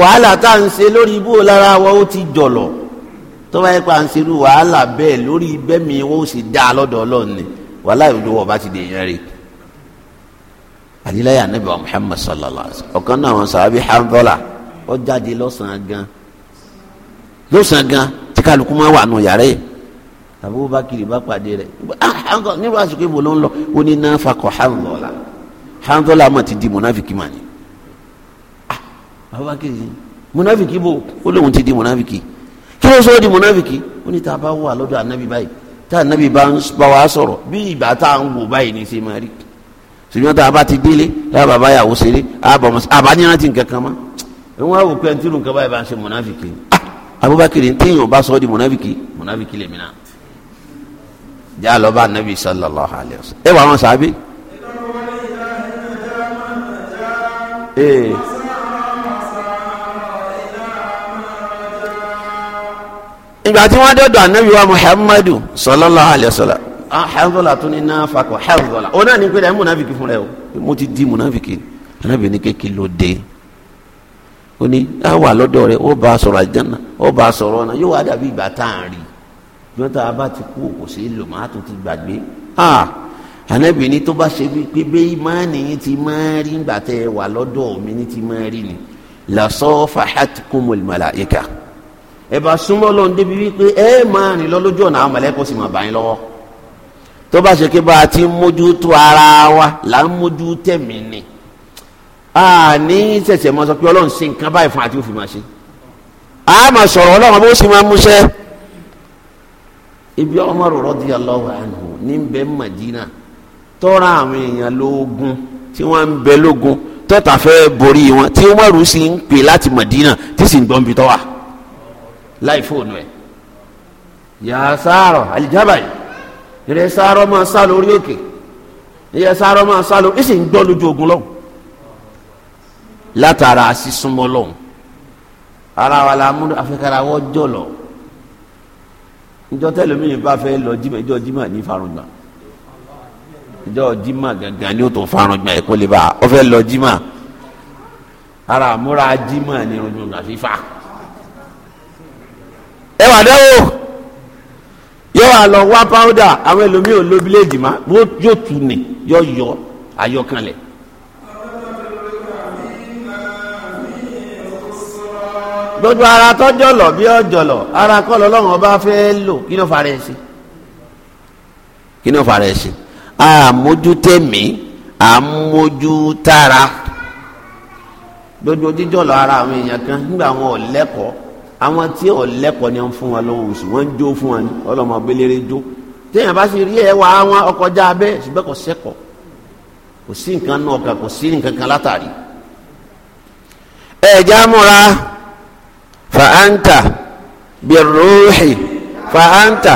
Speaker 2: wàhálà tá à ń ṣe lórí ibú lára wa tó bá yẹ pé à ń serú wàhálà bẹ́ẹ̀ lórí bẹ́mi wọ́n ó sì dá a lọ́dọ̀ ọlọ́run ni wàhálà ìlú ọba ti dèèyàn rí àdìláyà nàbẹ wa Muhammad sallallahu alaihi wa sallam ọ̀kan náà wọn sàbí hanzola ó jáde lọ́sàn-án gan lọ́sàn-án gan tí kálukú máa wà nù yàrá yìí Abubakar bá pàdé rẹ̀ nígbà àsìkò ìbò ló ń lọ ó ní náà fakọ̀ hanzola hanzola mà ti di mọ̀nàfìkì mà ní ah, Abubakar munafiki bo ó lóun ti di munafiki kí ló sọ di munafiki ó ní tá a bá wà lọ́dọ̀ anabi báyìí tá anabi bá ń bá wa sọ̀rọ̀ bí ìgbà tá à ń wò báyìí ní ṣe máa rí ṣùgbọ́n tá a bá ti délé tá a bàbá yàwó ṣeré àbá ní rántí nǹkan kan mọ́ ìwọ́n àwọn òkú ẹni tí nǹkan báyìí bá ń ṣe munafiki ah! Abubakar ní téèyàn bá sọ di munafiki munafiki lèmi náà jẹ́ àlọ́ba anabi sallallahu alayhi wa ẹ wà wọn sàbí. Eh. ìgbà tí wọ́n dọ̀dọ̀ anabi wa muhammadu sallallahu alayhi wa sallam ahẹ́dọ́là tó ní náà fakọ̀ ahẹ́dọ́là ó náà ní pé ẹ̀mú náà fìkì fún rẹ o mo ti di munafiki anabi ní kékeré ló dé ó ní á wà lọ́dọ̀ rẹ ó bá a sọ̀rọ̀ àjẹ́nà ó bá a sọ̀rọ̀ ọ̀nà yóò wá dàbí ìgbà tá à ń rí bí tá a bá ti kú kò sí lò má tó ti gbàgbé anabi ní tó bá ṣe bí pé bẹ́ẹ̀ máa nìyí ti máa rí ìgbà tẹ́ wà lọ́dọ̀ mi ní ti máa rí ni làṣọ́ fàhátìkùmọ̀lì màláyíkà ẹ bá súnmọ́ lọ́n débi wípé ẹ máa rìn lọ lójú ọ̀nà àwọn mọ̀lẹ́kọ̀ sì máa bá yín lọ́wọ́ tó bá ṣe kí bá a ti ń mójútó ara wa là ń mójútó tẹ̀mí ni a ní ṣẹ̀ṣẹ̀ máa sọ pé ọlọ́run ṣe nǹkan báyìí fún àti òfin máa ṣe a máa sọ̀rọ̀ ọlọ́run bó sì máa múṣẹ́ ibi Umar radiyallahu anhu ní bẹ́ Madina tọ́ra àwọn èèyàn lóògùn tí wọ́n ń bẹ lóògùn tọ́ta fẹ́ borí wọn tí Umar sì ń pè láti Madina tí sì ń gbọ́n bi tọ́wà láì fóònù ẹ̀ yà sáárọ̀ àlìjábà yìí ìrẹ sáárọ̀ máa sá lórí òkè ìyẹ sáárọ̀ máa sá lórí ìsìn gbọ́ lójú ogun lọ́hùn látara sísúnmọ́ lọ́hùn ara wa la múlò afẹ́kara wọ́n jọ lọ njọ tẹlifíyìn bá fẹ́ lọ jimá ìjọ jimá ní farungbà ìjọ jimá gangan ni ó tó farungbà ẹ̀ kó lè bá ọ fẹ́ lọ jimá ara múra jimá ni irun jùlọ ẹ wà dẹ́wò yóò wà lọ wá pàwọ́dà àwọn ẹlòmíì ò lo bíléèdì má yóò tù ní yóò yọ àyọkànlẹ̀. gbogbo ara tó jọlọ bí ó jọlọ ara kọ́ lọ́lọ́run ọba fẹ́ lò kí ló fara ẹ sí kí ló fara ẹ sí gbogbo jíjọlọ ara àwọn èèyàn kan nígbà wọn ò lẹ́kọ̀ọ́ àwọn tí ò lẹ́kọ̀ọ́ ni wọ́n fún wọn lọ́wọ́ oṣù wọ́n ń jó fún wọn ọlọ́mọ abẹ́lẹ́rẹ́ jó téèyàn bá sì rí ẹwà wọn ọkọjá abẹ́ ṣùgbọ́n kò sẹ́kọ̀ kò sí nǹkan náà kan kò sí nǹkan kan látàrí. ẹ̀já múra fa'anta birruhi fa'anta.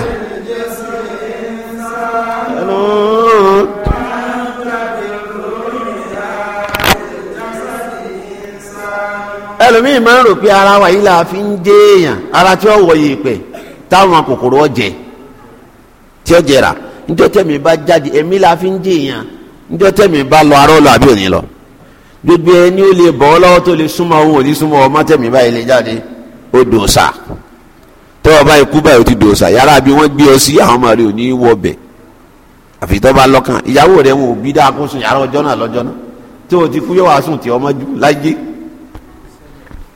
Speaker 2: ẹlòmíì máa ń rò pé ara wa yìí la fi ń jẹ èèyàn ara tí ó wọ yìí pẹ táwọn kòkòrò ọjẹ tí ó jẹrà níjọ́ tẹmí bá jáde èmi la fi ń jẹ èèyàn níjọ́ tẹmí bá lọ arọ lọ àbí òní lọ gbogbo ẹni ó lè bọ́ lọ́wọ́ tó lè súnmọ́ òun ò ní súnmọ́ ọmọ tẹ̀mí báyìí lè jáde ó dùn sá tọ́wọ́ báyìí kú báyìí ó ti dùn sá yàrá bí wọ́n gbé ọ sí àwọn ọmọ rẹ ò ní í wọ bẹ̀ àfi bá lọ́kàn ìyàwó rẹ wọn ò bí dáa kó sùn yàrá ọjọ́ náà lọ́jọ́ náà tí o ti kú yóò wá ọmọ jù láyé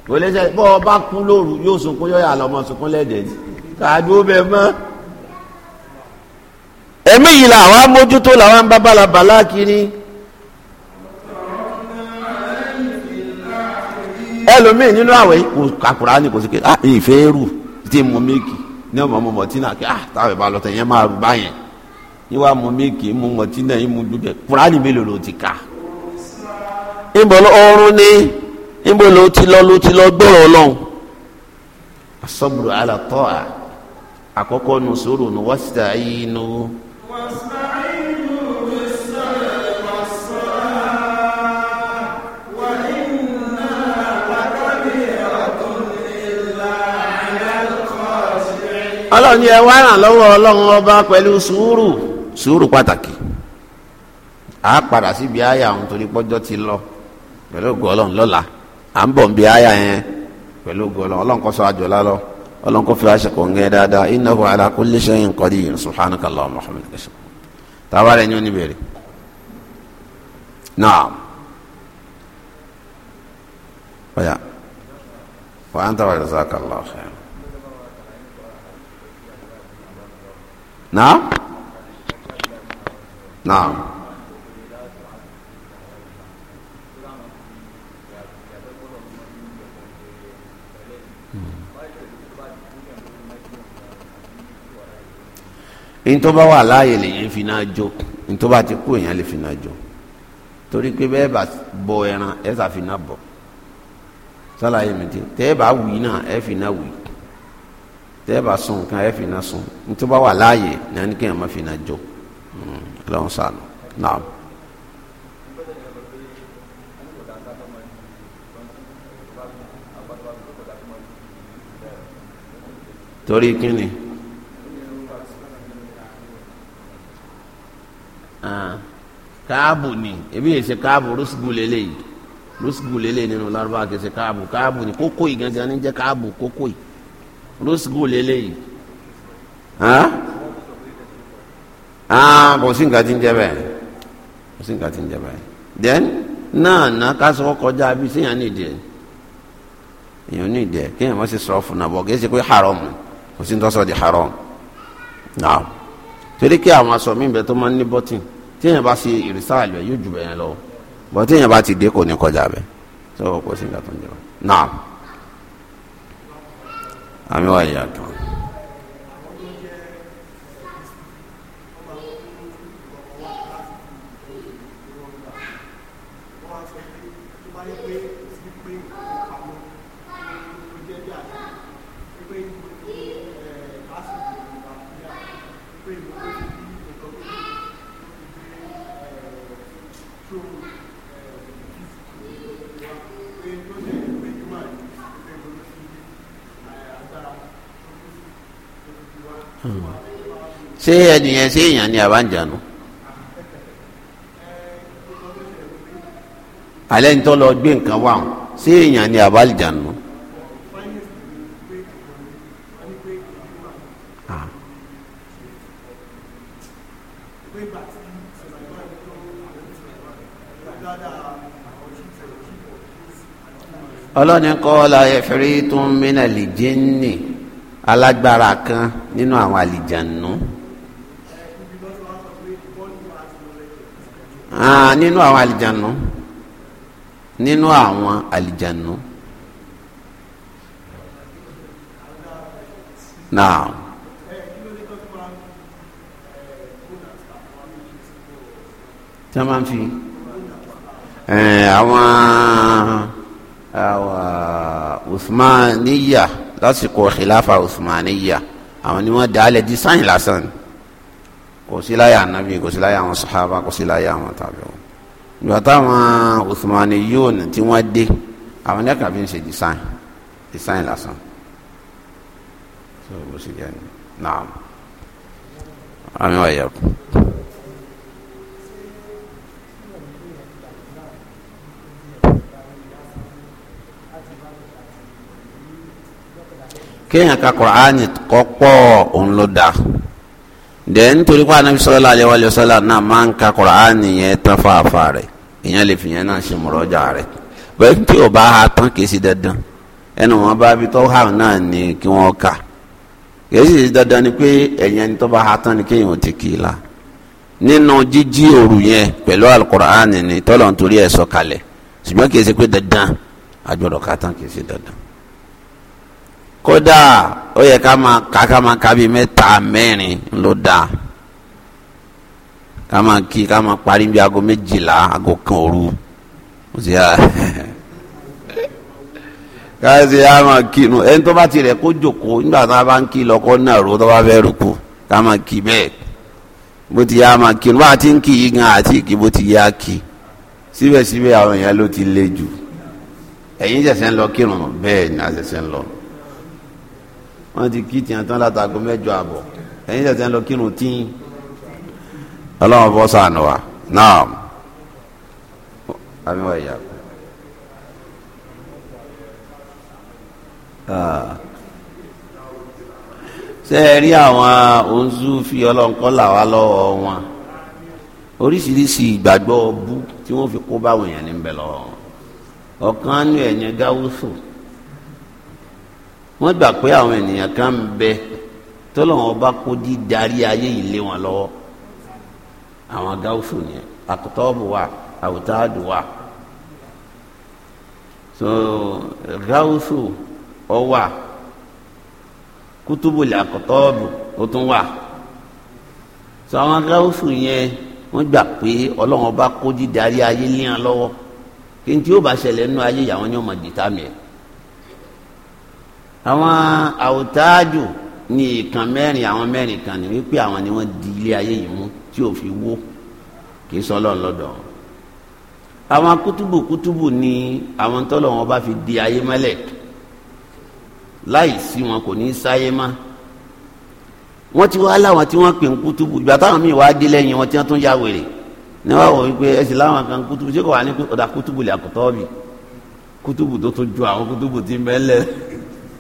Speaker 2: kò lè ṣe bọ́ ọba kú lóru yóò sunkún yọ̀yà lọ́mọ sunkún lẹ́dẹ̀ẹ́ ni káàdú bẹ́ẹ̀ mọ́. ẹ̀mí yìí ninu amójútó làwọn ń bá balabala kiri. ẹlòmíì nínú àwẹ̀ kò kakura ni kò sí ké ah ìfẹ́ rù tí mo méèkì ní ọmọ mo mọ̀tínà kí ah táwọn ìbá lọ́tọ̀ yẹn máa rù báyẹn mo méèkì mo mo ti ìbọn níbo ló ti lọ ló ti lọ gbọ́rọ̀ ọlọ́run asọ́bùrù alàtọ́ à àkọ́kọ́ nù sùúrù nù wọ́sítà yìí nù.
Speaker 1: ọlọ́run yẹ wá ràn
Speaker 2: lọ́wọ́ ọlọ́run ọba pẹ̀lú sùúrù sùúrù pàtàkì àá padà síbi àyà òun torí pọ́jọ́ ti lọ pẹ̀lú ògùn ọlọ́run lọ́la à ń bọ̀ nbí àyà yẹn pẹ̀lú gọlọ ọlọ́nkọ́ sọ àjọlá lọ ọlọ́nkọ́ fi aṣọ kò ń gẹ́ dáadáa innahu ala kulli shay'in qadir subhanaka allahumma wa bihamdika táwa rẹ̀ ní oníbèrè náà ọ̀yà wa anta wa jazakallahu khairan náà náà. èyí tó bá wà láàyè lèyìn fi náà jó èyí tó bá ti kú èyàn lè fi náà jó torí pé bẹ́ẹ̀ bá bọ ẹran ẹ sà fi náà bọ̀ sálàyé mi ti tẹ́ ẹ bá wì náà ẹ fi wì tẹ́ ẹ bá sun nǹkan ẹ fi náà sun bá wà láàyè náà ní kéèyàn má fi náà ọlọ́run sànù náà. torí kí ni. Ah. kaabu ni ebi yi e se kaabu rusgulele yi rusgulele ninu larba ake se kaabu kaabu ni koko yi gangan ni jɛ kaabu koko yi rusgulele yi aa ah? ah, kòsi nga ti n jɛbɛ kòsi nga ti n jɛbɛ den naana kasɔgɔ kɔjá bi se yan ni dɛ yan ni sọ kéèyàn ma se sɔrɔ funabɔ kéèyàn se ko haram kòsi di haram naa torí kí a ma sɔ min bɛ tó ma ní bɔtin. téèyàn bá ṣe ìrísàlù ẹ̀ yóò jù bẹ́ẹ̀ lọ bọ́ téèyàn bá ti dé kò ní kọjá bẹ́ẹ̀ sọ́wọ́ kò sí nǹkan tó ń jẹ́ wa náà àmì wáyé yàtọ̀. ṣé ẹnìyẹn ṣé èèyàn ni àbájánu. alẹ́ ní tọ́ lọ gbé nǹkan wà ṣé èèyàn ni àbájánu. ọlọ́ni kọ́ọ́lá ẹ̀fẹ́rẹ́ tó ń mìíràn lè jẹ́ alágbára kan nínú àwọn No? nínú àwọn àlìjànú nínú àwọn àlìjànú náà. tí wọ́n máa ń fi àwọn usmaniya lásìkò khilafa usmaniya àwọn ni wọ́n dálẹ̀ dísáìn lásán ni kò sí láyà ànábì kò sí láyà àwọn sàhábà kò sí láyà àwọn tàbíùn ìgbà táwọn Uthmani yóò nà tí wọ́n dé àwọn ẹ̀ka fi ń ṣe design design lásán so bó ṣe jẹ́
Speaker 1: naam àmì wáyà kù.
Speaker 2: kéèyàn ka Kùránì kọ́pọ̀ òun ló dáa. dẹ̀ nítorí pé anabi sallallahu alaihi wa sallam náà máa ń ka Kùránì yẹn tán ìyẹn lè fi yẹn náà ṣe mọ̀rọ́jà bẹ́ẹ̀ tí bá ha tán dandan ẹnu wọn bá bi tó ha náà ni kí kà ni pé ẹ̀yẹn ha tán ni ti kì la nínú jíjí òru yẹn pẹ̀lú ni tọ́lọ̀ ẹ̀ sọ kalẹ̀ ṣùgbọ́n pé kódà ó yẹ ká máa kà ká máa kà bíi mẹ́ta mẹ́rin ló dáa ká máa kí ká máa parí bíi aago méjìlá aago kan òru ó sì yà ká sì yà máa kí ẹni tó bá ti kó jòkó nígbà tá a bá ń kí lọ́kọ́ náà ro tó bá fẹ́ rúkú ká máa kí bẹ́ẹ̀ bó ti yà máa kí nu bá ti ń kí yìí gan àti kí bó ti kí síbẹ̀síbẹ̀ àwọn wọ́n ti kí tiẹ̀ tán látago mẹ́jọ àbọ̀ ẹ̀yin tẹ̀sán lọ kírun tín ọlọ́run bọ́ sànù wa náà àmì wà ìyá. ṣé ẹ rí àwọn oṣù fi ọlọ́nkọ́ là wá lọ́wọ́ wọn oríṣiríṣi ìgbàgbọ́ ọbú tí wọ́n fi kó báwọn èèyàn níbẹ̀ lọ́wọ́ ọ̀kan nínú ẹ̀yẹn gáwúsù wọ́n gbà pé àwọn ènìyàn kan ń bẹ tọ́lọ́wọ́n bá kó dídarí ayé yìí lé wọn lọ́wọ́ àwọn gáúsù nìyẹn àkútọ́ọ̀bù wa àwùtáàdù wa so gáúsù ọ wà kútùbùlì àkútọ́ọ̀bù ó tún wà so àwọn gáúsù yẹn wọ́n gbà pé ọlọ́wọ́n bá kó dídarí ayé lé wọn lọ́wọ́ kí n tí ó bá ṣẹlẹ̀ nínú ayé yìí àwọn yóò mọ̀ dìtàmì ẹ̀ àwọn àwòtáàjò ní ìkan mẹ́rin àwọn mẹ́rin kan ní wípé àwọn ni wọ́n di ilé ayé yìí mú tí ò fi wó kì í sọlọ lọ́dọ̀ àwọn kútùbù kútùbù ni àwọn tọ́lọ̀ wọn bá fi di ayé mọ́lẹ̀ láì sí wọn kò ní í sáyé mọ́ wọ́n ti wá láwọn tí wọ́n pè ń kútùbù ìgbà táwọn míì wá dé lẹ́yìn wọn tí wọ́n tún ya wèrè ní wàá wọ wípé ẹsẹ̀ láwọn kan kútùbù ṣé kò wà ní kútùbù lè àkọ́tọ́ bì kútùbù tó tún ju àwọn kútùbù ti mẹ́lẹ̀